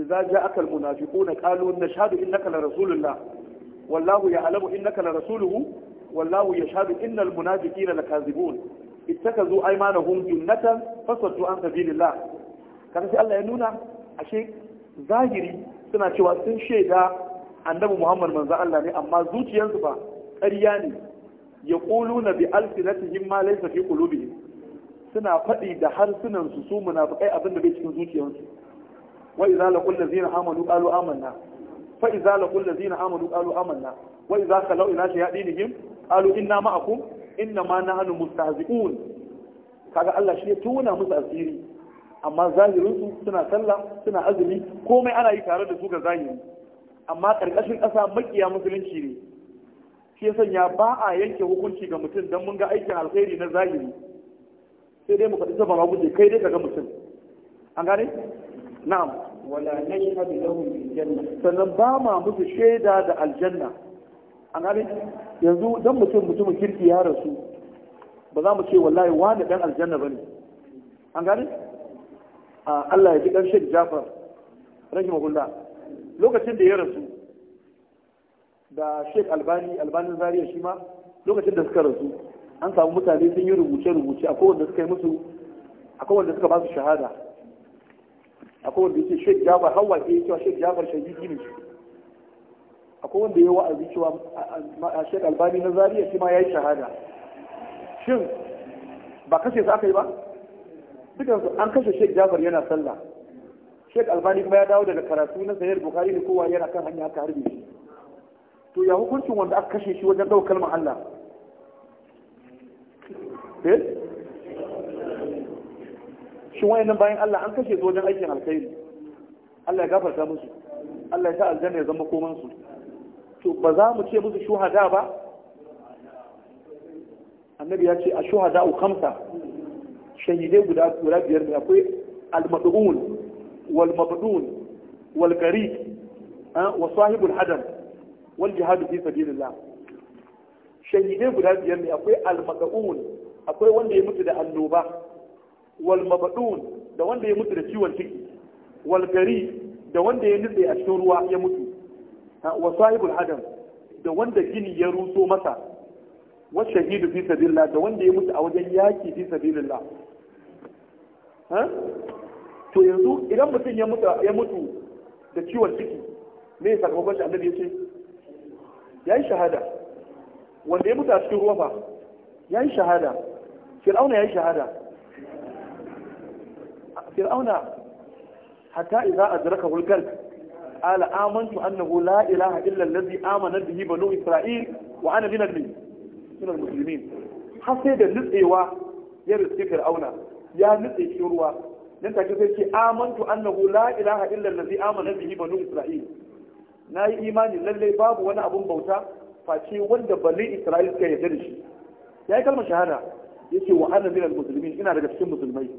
idza ja'aka almunafiquna qalu nashhadu innaka la rasulullah wallahu ya'lamu innaka la rasuluhu wallahu yashhadu innal munafiqina lakazibun ittakazu aymanahum junnatan fasaddu an sabilillah kaga sai Allah ya nuna ashe zahiri suna cewa sun shaida annabi Muhammad manzo Allah ne amma zuciyarsu ba karya ne ya na bi alfinatihim ma laysa fi qulubihim suna faɗi da harsunansu su munafikai abin da bai cikin zuciyarsu wa idza laqul ladzina amanu qalu amanna fa idza laqul ladzina amanu qalu amanna wa idza khalu ila shayadinihim qalu inna ma'akum ma kaga Allah shi ya tuna musu asiri amma zahirin su suna sallah suna azumi komai ana yi tare da su ga zahiri amma karkashin ƙasa makiya musulunci ne shi ya sanya ba a yanke hukunci ga mutum don mun ga aikin alkhairi na zahiri sai dai mu faɗi ta ma guje kai dai ka ga mutum an gane na'am wala nashhadu lahum bil janna sannan ba ma musu shaida da aljanna an gane yanzu dan mutum mutum kirki ya rasu ba za mu ce wallahi wani dan aljanna bane an gane Allah ya ji dan Sheikh Jafar rahimahullah lokacin da ya rasu da Sheikh Albani Albani Zariya shi ma lokacin da suka rasu an samu mutane sun yi rubuce-rubuce akwai wanda suka yi musu akwai wanda suka ba su shahada akwai wanda yake shek jabar hawa ke cewa shek jabar shahidi ne akwai wanda ya wa'azi cewa shek albani na zariya shi ma ya yi shahada shin ba kashe su aka yi ba dukansu an kashe shek jabar yana sallah shek albani kuma ya dawo daga karatu na sayar bukari ne kowa yana kan hanya aka harbe shi to ya hukuncin wanda aka kashe shi wajen ɗaukar kalmar allah eh shin wayannan bayan Allah an kashe su wajen aikin alkhairi Allah ya gafarta musu Allah ya sa aljanna ya zama koman su to ba za mu ce musu shuhada ba annabi ya ce a shuhada u kamsa shahidai guda guda biyar ne akwai al-mad'un wal mabdun wal gari wa sahibul hadam wal jihad fi sabilillah shahidai guda biyar ne akwai al-mad'un akwai wanda ya mutu da annoba wal mabdun da wanda ya mutu da ciwon ciki wal gari da wanda ya nutse a cikin ruwa ya mutu wa sahibul hadam da wanda gini ya ruso masa wa shahidu fi sabilillah da wanda ya mutu a wajen yaki fi sabilillah ha to yanzu idan mutum ya mutu ya mutu da ciwon ciki me ya sakamakon shi annabi ya ce ya yi shahada wanda ya mutu a cikin ruwa fa ya yi shahada fir'auna ya yi shahada fir'auna hatta idza adraka hulkar ala amantu annahu la ilaha illa allazi amana bihi banu isra'il wa ana min al-muslimin har sai da nutsewa ya riske fir'auna ya nutse cikin ruwa nan take sai ce amantu annahu la ilaha illa allazi amana bihi banu isra'il na yi imani lallai babu wani abun bauta face wanda bani isra'il suka yarda da shi ya yi kalmar shahada yace wa ana minal muslimin ina daga cikin musulmai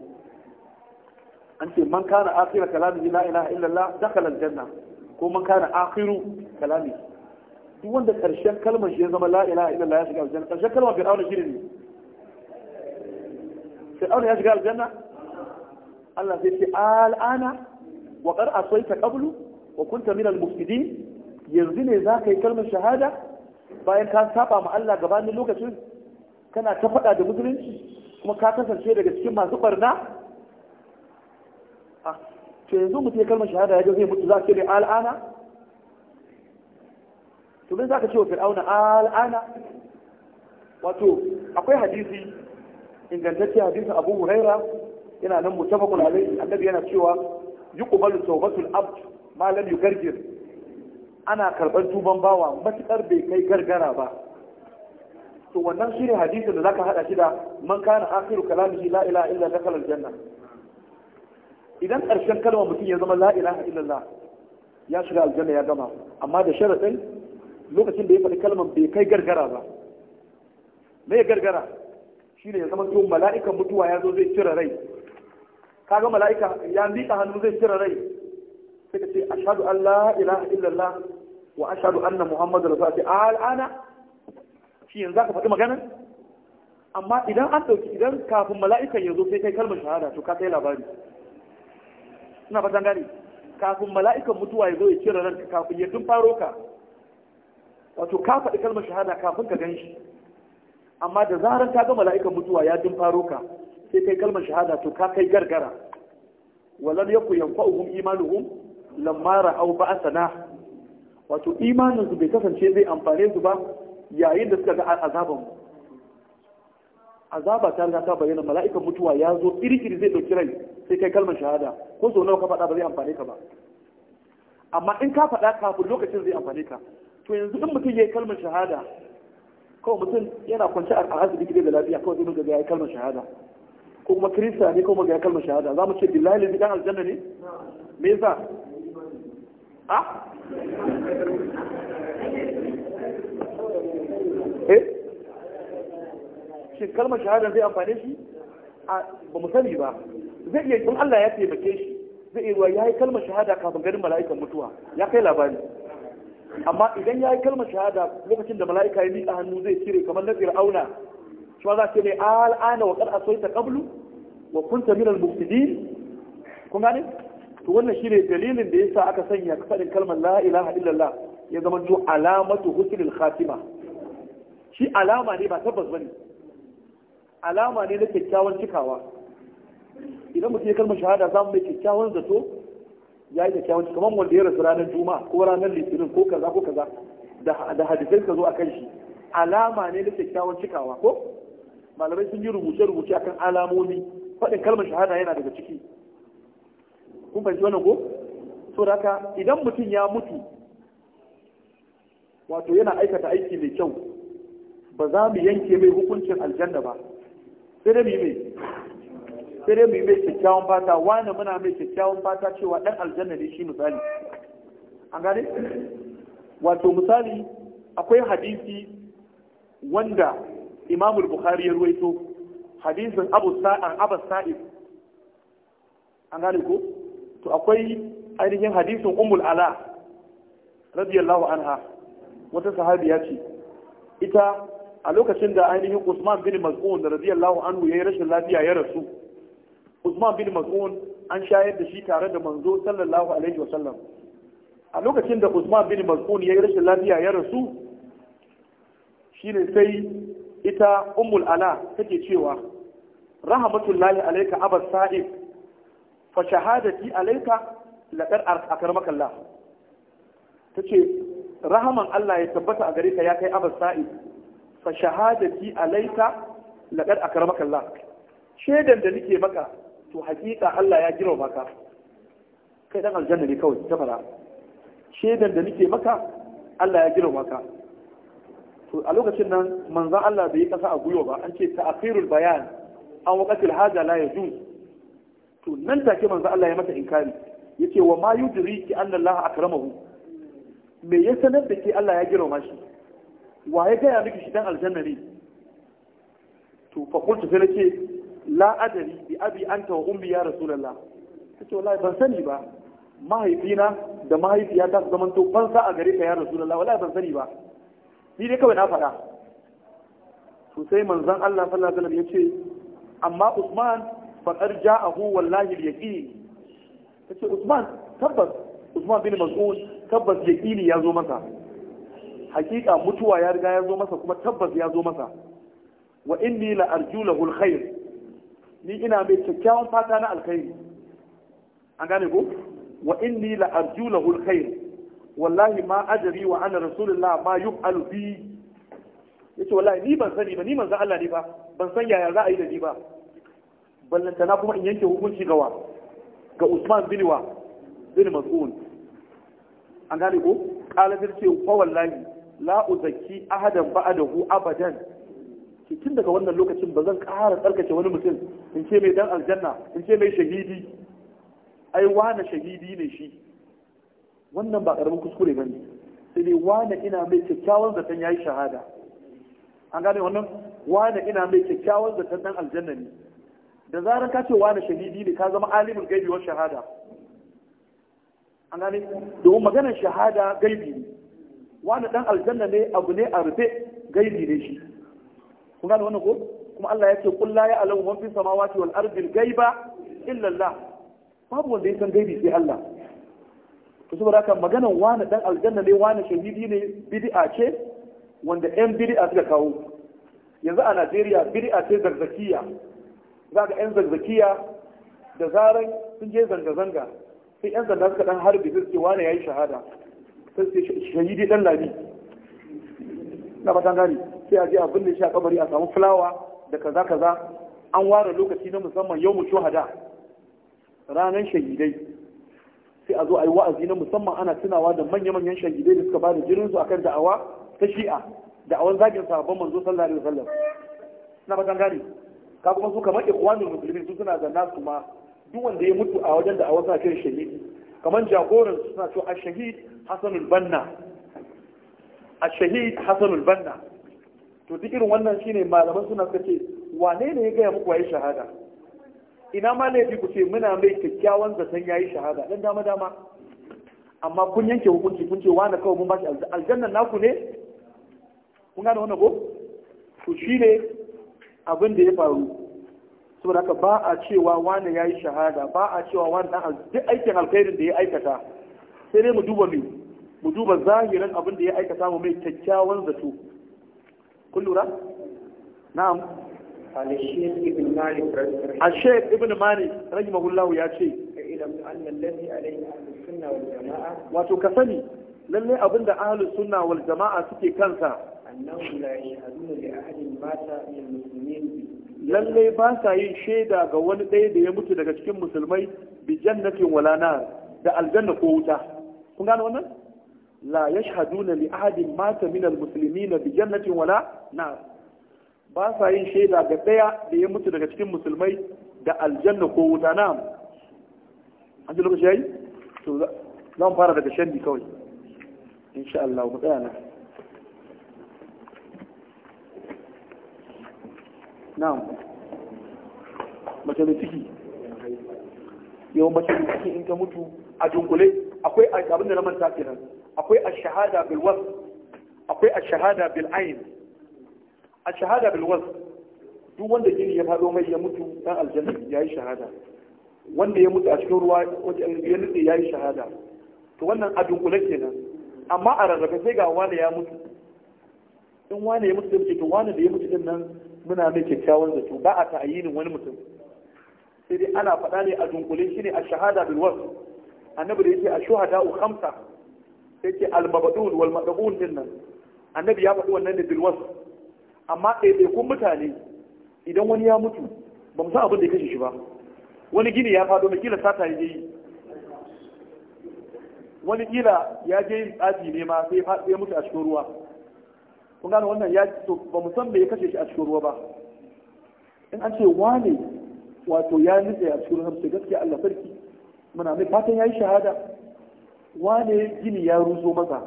an ce man kana akhira kalamihi la ilaha illallah dakhala aljanna ko man kana akhiru kalami duk wanda karshen kalmar shi ya zama la ilaha illallah ya shiga aljanna karshen kalmar fir'auna shi ne fir'auna ya shiga aljanna Allah sai ce al'ana wa qad asayta qablu wa kunta min al-mufsidin yanzu ne za ka yi kalmar shahada bayan ka saba ma Allah gabanin lokacin kana ta faɗa da musulunci kuma ka kasance daga cikin masu barna to yanzu mutum ya kalma shahada ya zai mutu za ka ce al'ana to bin za ka ce wa fir'auna al'ana wato akwai hadisi ingantacce hadisi abu huraira yana nan mutafakun alaihi annabi yana cewa yi yuqbalu tawbatul abd malam yugargir ana karɓar tuban bawa matukar bai kai gargara ba to wannan shine hadisin da zaka hada shi da man kana akhiru kalamihi la ilaha illa dakhala aljanna idan ƙarshen kalma mutum ya zama la'ira a illallah ya shiga aljanna ya gama amma da sharaɗin lokacin da ya faɗi kalmar bai kai gargara ba me gargara shi ne ya zama to mala'ikan mutuwa ya zo zai cire rai kaga mala'ika ya miƙa hannu zai cire rai sai ka ce ashhadu an la'ira ilaha illallah wa ashhadu anna muhammadar rasulullah al'ana shi yanzu ka faɗi magana amma idan an ɗauki idan kafin mala'ikan ya zo sai kai kalmar shahada to ka kai labari Suna fatan gane kafin mala'ikan mutuwa ya zo ya cire ranka kafin ya tun faro ka wato ka faɗi kalmar shahada kafin ka gan shi amma da zarar ka ga mala'ikan mutuwa ya tun faro ka sai kai kalmar shahada to ka kai gargara walar yaku lamara imanuhum lamma ra'aw sana wato imanin su bai kasance zai amfane su ba yayin da suka ga azaban mu azaba ta riga ta bayyana mala'ikan mutuwa ya zo iri-iri zai dauki rai sai kai kalmar shahada ko zo nawa ka faɗa ba zai amfane ka ba amma in ka faɗa kafin lokacin zai amfane ka to yanzu in mutum ya yi kalmar shahada kawai mutum yana kwance a asibiti da lafiya kawai zai ga ya yi kalmar shahada ko kuma kirista ne ko ga ya kalmar shahada za mu ce billahi lillahi aljanna ne me yasa a ah? eh shin kalmar shahada zai amfane shi ba mu sani ba zai iya kun Allah ya taimake shi zai iya ruwa ya yi kalmar shahada kafin ganin mala'ikan mutuwa ya kai labari amma idan ya yi kalmar shahada lokacin da mala'ika ya miƙa hannu zai cire kamar na fir'auna shi za ce ne al'ana wa kar ta wa kunta min al kun gane to wannan shine dalilin da ya sa aka sanya faɗin kalmar la ilaha illallah ya zama to alamatu husnul khatima shi alama ne ba tabbas bane alama ne na kyakkyawan cikawa idan mutum ya kalma shahada za mu mai kyakkyawan zato ya yi kyakkyawan cikawa wanda ya rasu ranar juma'a ko ranar litinin ko kaza ko kaza da hadisai ka zo a kan shi alama ne na kyakkyawan cikawa ko malamai sun yi rubuce-rubuce akan alamomi faɗin kalmar shahada yana daga ciki kun fahimci wannan ko so da haka idan mutum ya mutu wato yana aikata aiki mai kyau ba za mu yanke mai hukuncin aljanna ba sai dai mai sai dai mai kyakkyawan fata wani muna mai kyakkyawan fata cewa dan aljanna ne shi misali an gane wato misali akwai hadisi wanda imamul bukhari ya ruwaito hadisin abu sa'an abu sa'id an gane ko to akwai ainihin hadisin ummul ala radiyallahu anha wata sahabiya ce ita a lokacin da ainihin Usman bin Mas'ud radiyallahu anhu yayi rashin lafiya ya rasu Usman bin Mas'ud an shayar da shi tare da manzo sallallahu alaihi wasallam a lokacin da Usman bin Mas'ud yayi rashin lafiya ya rasu shine sai ita Ummul Ala take cewa rahmatullahi alayka abas sa'id fa shahadati alayka dar akramaka Allah tace rahaman Allah ya tabbata a gare ka ya kai abas sa'id fa shahadati alaika laqad akramaka Allah shedan da nake maka to hakika Allah ya girma maka kai dan aljanna ne kawai ta fara shedan da nake maka Allah ya girma maka to a lokacin nan manzon Allah bai kasa a guyo ba an ce ta'khirul bayan an waqatil haja la yajuz to nan take manzon Allah ya mata inkari yace wa ma yudriki anna Allah akramahu me ya sanar da ke Allah ya girma shi wa ya gaya miki shi dan aljanna ne to fa kuntu sai nake la adari bi abi anta wa ummi ya rasulullah to wallahi ban sani ba mahaifina da mahaifiya ta zaman to ban sa a gare ka ya rasulullah wallahi ban sani ba ni dai kawai na faɗa to sai manzon Allah sallallahu alaihi wasallam yace amma Usman faqad ja'ahu wallahi al-yaqin Usman tabbas Usman bin Mas'ud tabbas yaqini ya zo masa hakika mutuwa ya riga ya zo masa kuma tabbas ya zo masa wa inni la arju lahu alkhair ni ina mai kyakkyawan fata na alkhairi an gane ko wa inni la arju lahu alkhair wallahi ma ajri wa ana rasulullah ma yuf'alu bi yace wallahi ni ban sani ba ni manzon Allah ne ba ban san yaya za a yi da ni ba ballantana kuma in yanke hukunci ga wa ga Usman bin wa bin Mas'ud an gane ko kalatir ce fa wallahi la uzaki ahadan ba'adahu abadan tun daga wannan lokacin ba zan ƙara tsarkace wani mutum in ce mai dan aljanna in ce mai shahidi ai wane shahidi ne shi wannan ba ƙaramin kuskure ba ne sai dai wane ina mai kyakkyawan zaton ya yi shahada an gane wannan wane ina mai kyakkyawan zaton dan aljanna ne da zarar ka ce wane shahidi ne ka zama alimin gaibiyar shahada an gane domin maganar shahada gaibi ne wani dan aljanna ne abu ne a rufe gaibi ne shi kun da wannan ko kuma Allah ya ce qul la ya'lamu man fis samawati wal ardi al ghaiba illa Allah babu wanda ya san gaibi sai Allah to saboda haka maganar wani dan aljanna ne wani shahidi ne bid'a ce wanda yan bid'a suka kawo yanzu a Najeriya bid'a ce zarzakiya za ga yan zarzakiya da zaran sun je zanga-zanga sai yan zanga suka dan harbi suke wani yayi shahada sai dai dan labi na fatan gani sai a je a binne shi a kabari a samu fulawa da kaza kaza an ware lokaci na musamman yau mu shuhada ranar shahidai sai a zo a yi wa'azi na musamman ana tunawa da manya-manyan shahidai da suka bada jirin su akan da'awa ta shi'a da'awan zagin sahabban manzo sallallahu alaihi wasallam na fatan gani ka kuma su kamar ikwanul muslimin su suna da nasu ma duk wanda ya mutu a wajen da'awar sa kai shahidi kamar jagoran suna to a shahid hasanul banna a shahid hasanul banna to duk irin wannan shine malaman suna kace wane ne ya gaya muku yayi shahada ina ma ne ku ce muna mai kyakkyawan zaton yayi shahada dan dama dama amma kun yanke hukunci kun ce wani kawai mun bashi aljannan naku ne kun gane wannan ko to shine abin da ya faru saboda haka ba a cewa wani ya yi shahada ba a cewa wani dan duk aikin alkhairin da ya aikata sai dai mu duba mai mu duba zahirin abin da ya aikata mu mai kyakkyawan zato kun lura na'am al-shaykh ibn malik rahimahullahu ya ce wato ka sani lalle abin da ahlus suna wal jama'a suke kansa lallai ba sa yin shaida ga wani ɗaya da ya mutu daga cikin musulmai bi jannatin wala na da aljanna ko wuta kun gane wannan la yashhaduna li ahadin mata min almuslimin bi jannatin wala na ba sa yin shaida ga ɗaya da ya mutu daga cikin musulmai da aljanna ko wuta na. an ji lokaci yayi to zan fara daga shandi kawai insha Allah mu tsaya nan na'am mace mai ciki yawan mace mai ciki in ta mutu a dunkule akwai a abin da na manta kenan akwai a shahada bil was akwai a shahada bil a shahada bil was duk wanda gini ya fado mai ya mutu dan aljanna yi shahada wanda ya mutu a cikin ruwa wajen ya nutse yayi shahada to wannan a dunkule kenan amma a rarrafe sai ga wani ya mutu in wani ya mutu mutu to wani da ya mutu din nan muna mai kyakkyawan zato ba a ta'ayyinin wani mutum sai dai ana faɗa ne a dunkule shi ne a shahada bil wasu annabi da yake a shuhada u khamsa sai ke al mabdun wal madbun din nan annabi ya faɗi wannan ne bil wasu amma ɗaiɗaikun mutane idan wani ya mutu ba mu san abin da ya kashe shi ba wani gini ya faɗo mai kila sata ya yi wani kila ya je yin tsafi ne ma sai ya mutu a cikin ruwa kun gane wannan ya to ba mu san bai kashe shi a cikin ruwa ba in an ce wane wato ya nutse a cikin ruwa sai gaskiya Allah sarki muna mai fatan yayi shahada wane gini ya ruzo masa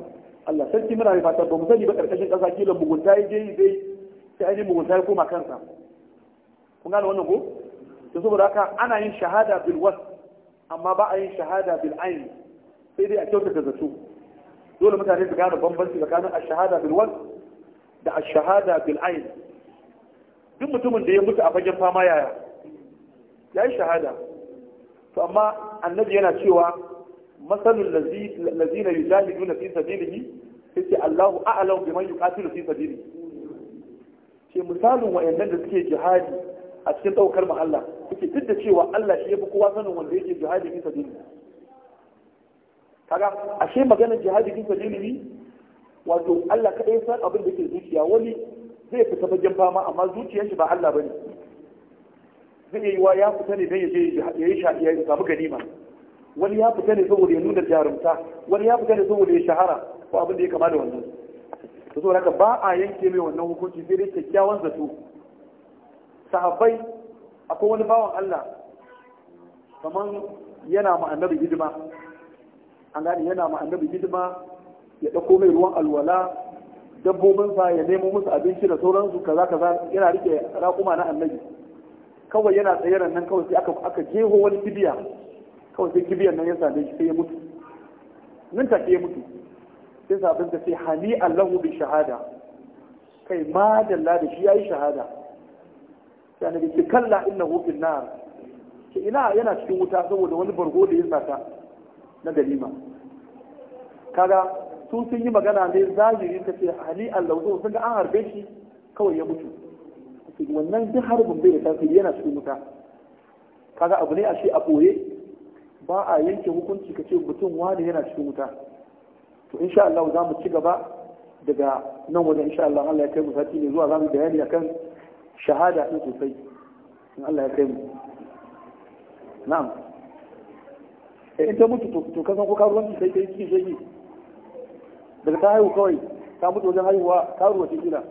Allah sarki muna mai fatan ba mu sani ba karkashin kasa kila mugunta ya je zai sai ainihin mugunta ya koma kansa kun gane wannan ko to saboda haka ana yin shahada bil was amma ba a yin shahada bil ayn sai dai a kyautata zato dole mutane su gane bambanci tsakanin a shahada bil was da a bil ayn duk mutumin da ya mutu a fagen fama yaya ya yi shahada to amma annabi yana cewa masalul lazina yujahiduna fi sabilihi sai Allahu a'lam biman yuqatilu fi sabilihi ce misalin wayannan da suke jihadi a cikin daukar ma Allah suke duk da cewa Allah shi yafi kowa sanin wanda yake jihadi fi sabilihi kaga ashe maganar jihadi fi sabilihi wato Allah kaɗai san abin da ke zuciya wani zai fita fagen fama amma zuciyar shi ba Allah bane zai yi wa ya fita ne dan ya je ya yi ya samu ganima wani ya fita ne saboda ya nuna jarumta wani ya fita ne saboda ya shahara ko abin da ya kama da wannan to saboda haka ba a yanke mai wannan hukunci sai dai kyakkyawan zato sahabbai akwai wani bawan Allah kaman yana ma annabi hidima an gane yana ma annabi hidima ya ɗauko mai ruwan alwala dabbobinsa ya nemo musu abinci da sauransu kaza kaza yana rike raƙuma na annabi kawai yana tsayaran nan kawai sai aka aka jeho wani kibiya kawai sai kibiyan nan ya same shi sai ya mutu nan take ya mutu sai sabin ta ce hani allahu bi shahada kai ma dalla da shi yayi shahada sai annabi ce kalla innahu fil nar ce ina yana cikin wuta saboda wani bargo da ya sata na dalima kaga sun sun yi magana ne zahiri ta ce hali allahu sun ga an harbe shi kawai ya mutu wannan duk harbin bai da tasiri yana cikin wuta kaga abu ne a ce a ɓoye ba a yanke hukunci ka ce mutum wani yana cikin wuta to insha Allah za mu ci gaba daga nan wajen insha Allah Allah ya kai mu sati ne zuwa za mu bayani akan shahada din sosai in Allah ya kai mu na'am eh ita mutu to kasan ko karuwanci sai ta yi cikin yi. daga ta haihu kawai ta mutu wajen haihuwa karuwa ce kila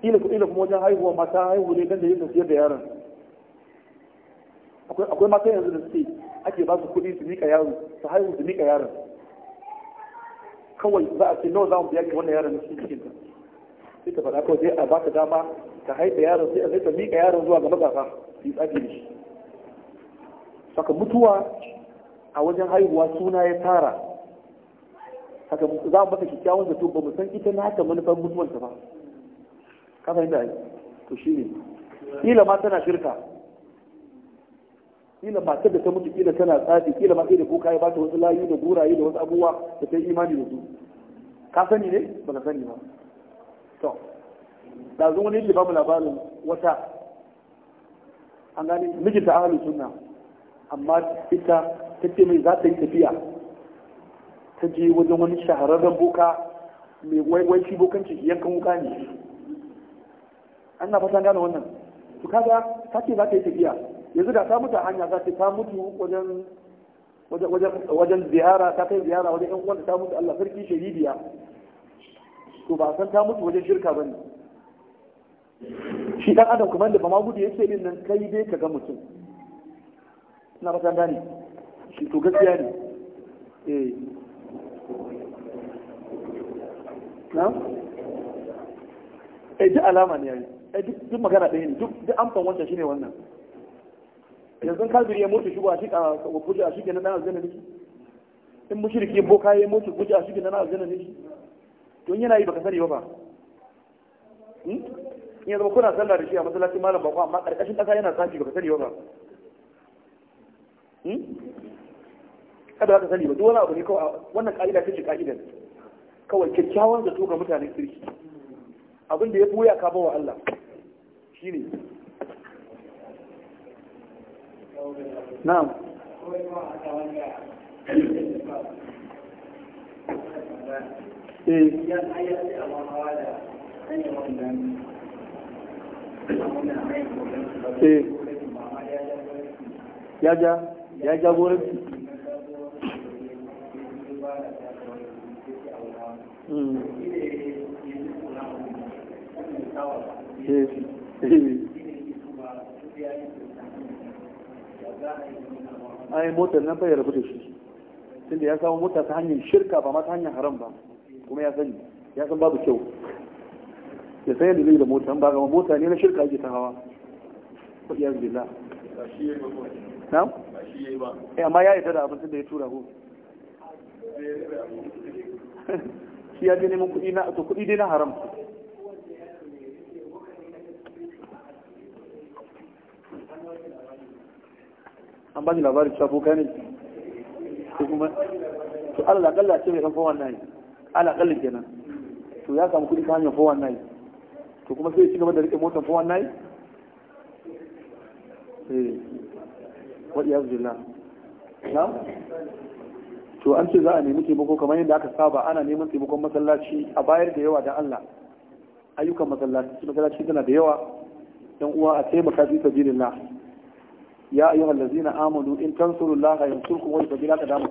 kila kuma wajen haihuwa ma ta haihu ne dan da yin siyar da yaron akwai mata yanzu da suke ake ba su kuɗi su miƙa yaro su haihu su miƙa yaron kawai za a ce nawa za mu biya ki wannan yaron na cikin cikinta sai ta faɗa kawai sai a baka dama ka haifa yaron sai a a wajen haihuwa suna ya tara haka za mu baka kyakkyawan zato ba mu san ita na haka manufar mutuwanta ba ka fahimta ai to shine kila ma tana shirka kila ma da ta mutu kila tana tsafi kila ma sai da kuka ya ba ta wasu layu da guraye da wasu abubuwa da ta imani da su ka sani ne ba ka sani ba to da zuwa ne ba mu labarin wata an gane mijinta ahalin sunna amma ita ta ce mai za ta yi tafiya ta je wajen wani shahararren boka mai waiwaici bokanci yankan wuka ne ana fasa gane wannan su kaga ta ce za ta yi tafiya yanzu da ta mutu a hanya za ta ta mutu wajen wajen ziyara ta kai ziyara wajen yan uwanta ta mutu Allah sarki shahidiya to ba san ta mutu wajen shirka bane shi dan adam kuma da ba ma gudu yace din nan kai dai ka ga mutum na rasa gani shi to gaskiya ne eh na eh duk alama ne yayi eh duk magana ɗaya ne duk duk amfan wancan shine wannan yanzu kalbiri ya mutu shi ba shi a kuje a shi ke na ɗan aljanna ne in mushriki boka ya mutu kuje a shi ke na ɗan aljanna ne shi to yana yi baka sani ba ba hmm? in yanzu kuna sallah da shi a masallacin malam bako amma ƙarƙashin kasa yana tsafi baka sani ba ba Hmm? kada za ka sani ba duk wani abu ne kawai wannan ka'ida ta ce ka'idar kawai kyakkyawan zato ga mutane kirki abin da ya buya ka bawa Allah shine na'am eh. Eh. ya ja ya jagoranci hmm. ai motar nan bai rabu da shi tunda ya samu mota ta hanyar shirka ba ma ta hanyar haram ba kuma ya sani ya san babu kyau ya san da zai da mota ba ga mota ne na shirka ake ta hawa kuɗi ya zubila na? shi ma ba eh, amma ya yarda da abincin da ya tura ko shi ya je neman kuɗi na to kuɗi dai na haram an ba ni labarin shafo boka ne ko kuma to Allah kalla ce mai dan na yi ala kalla kenan to ya samu kuɗi ta hanyar na yi to kuma sai ya ci gaba da rike motar fowar na yi. to an ce za a nemi taimako kamar yadda aka saba ana neman taimakon masallaci a bayar da yawa da Allah ayyukan masallaci masallaci tana da yawa yan uwa a taimaka fi sabilillah ya ayyuhallazina amanu in tansurullaha wani wa ka damu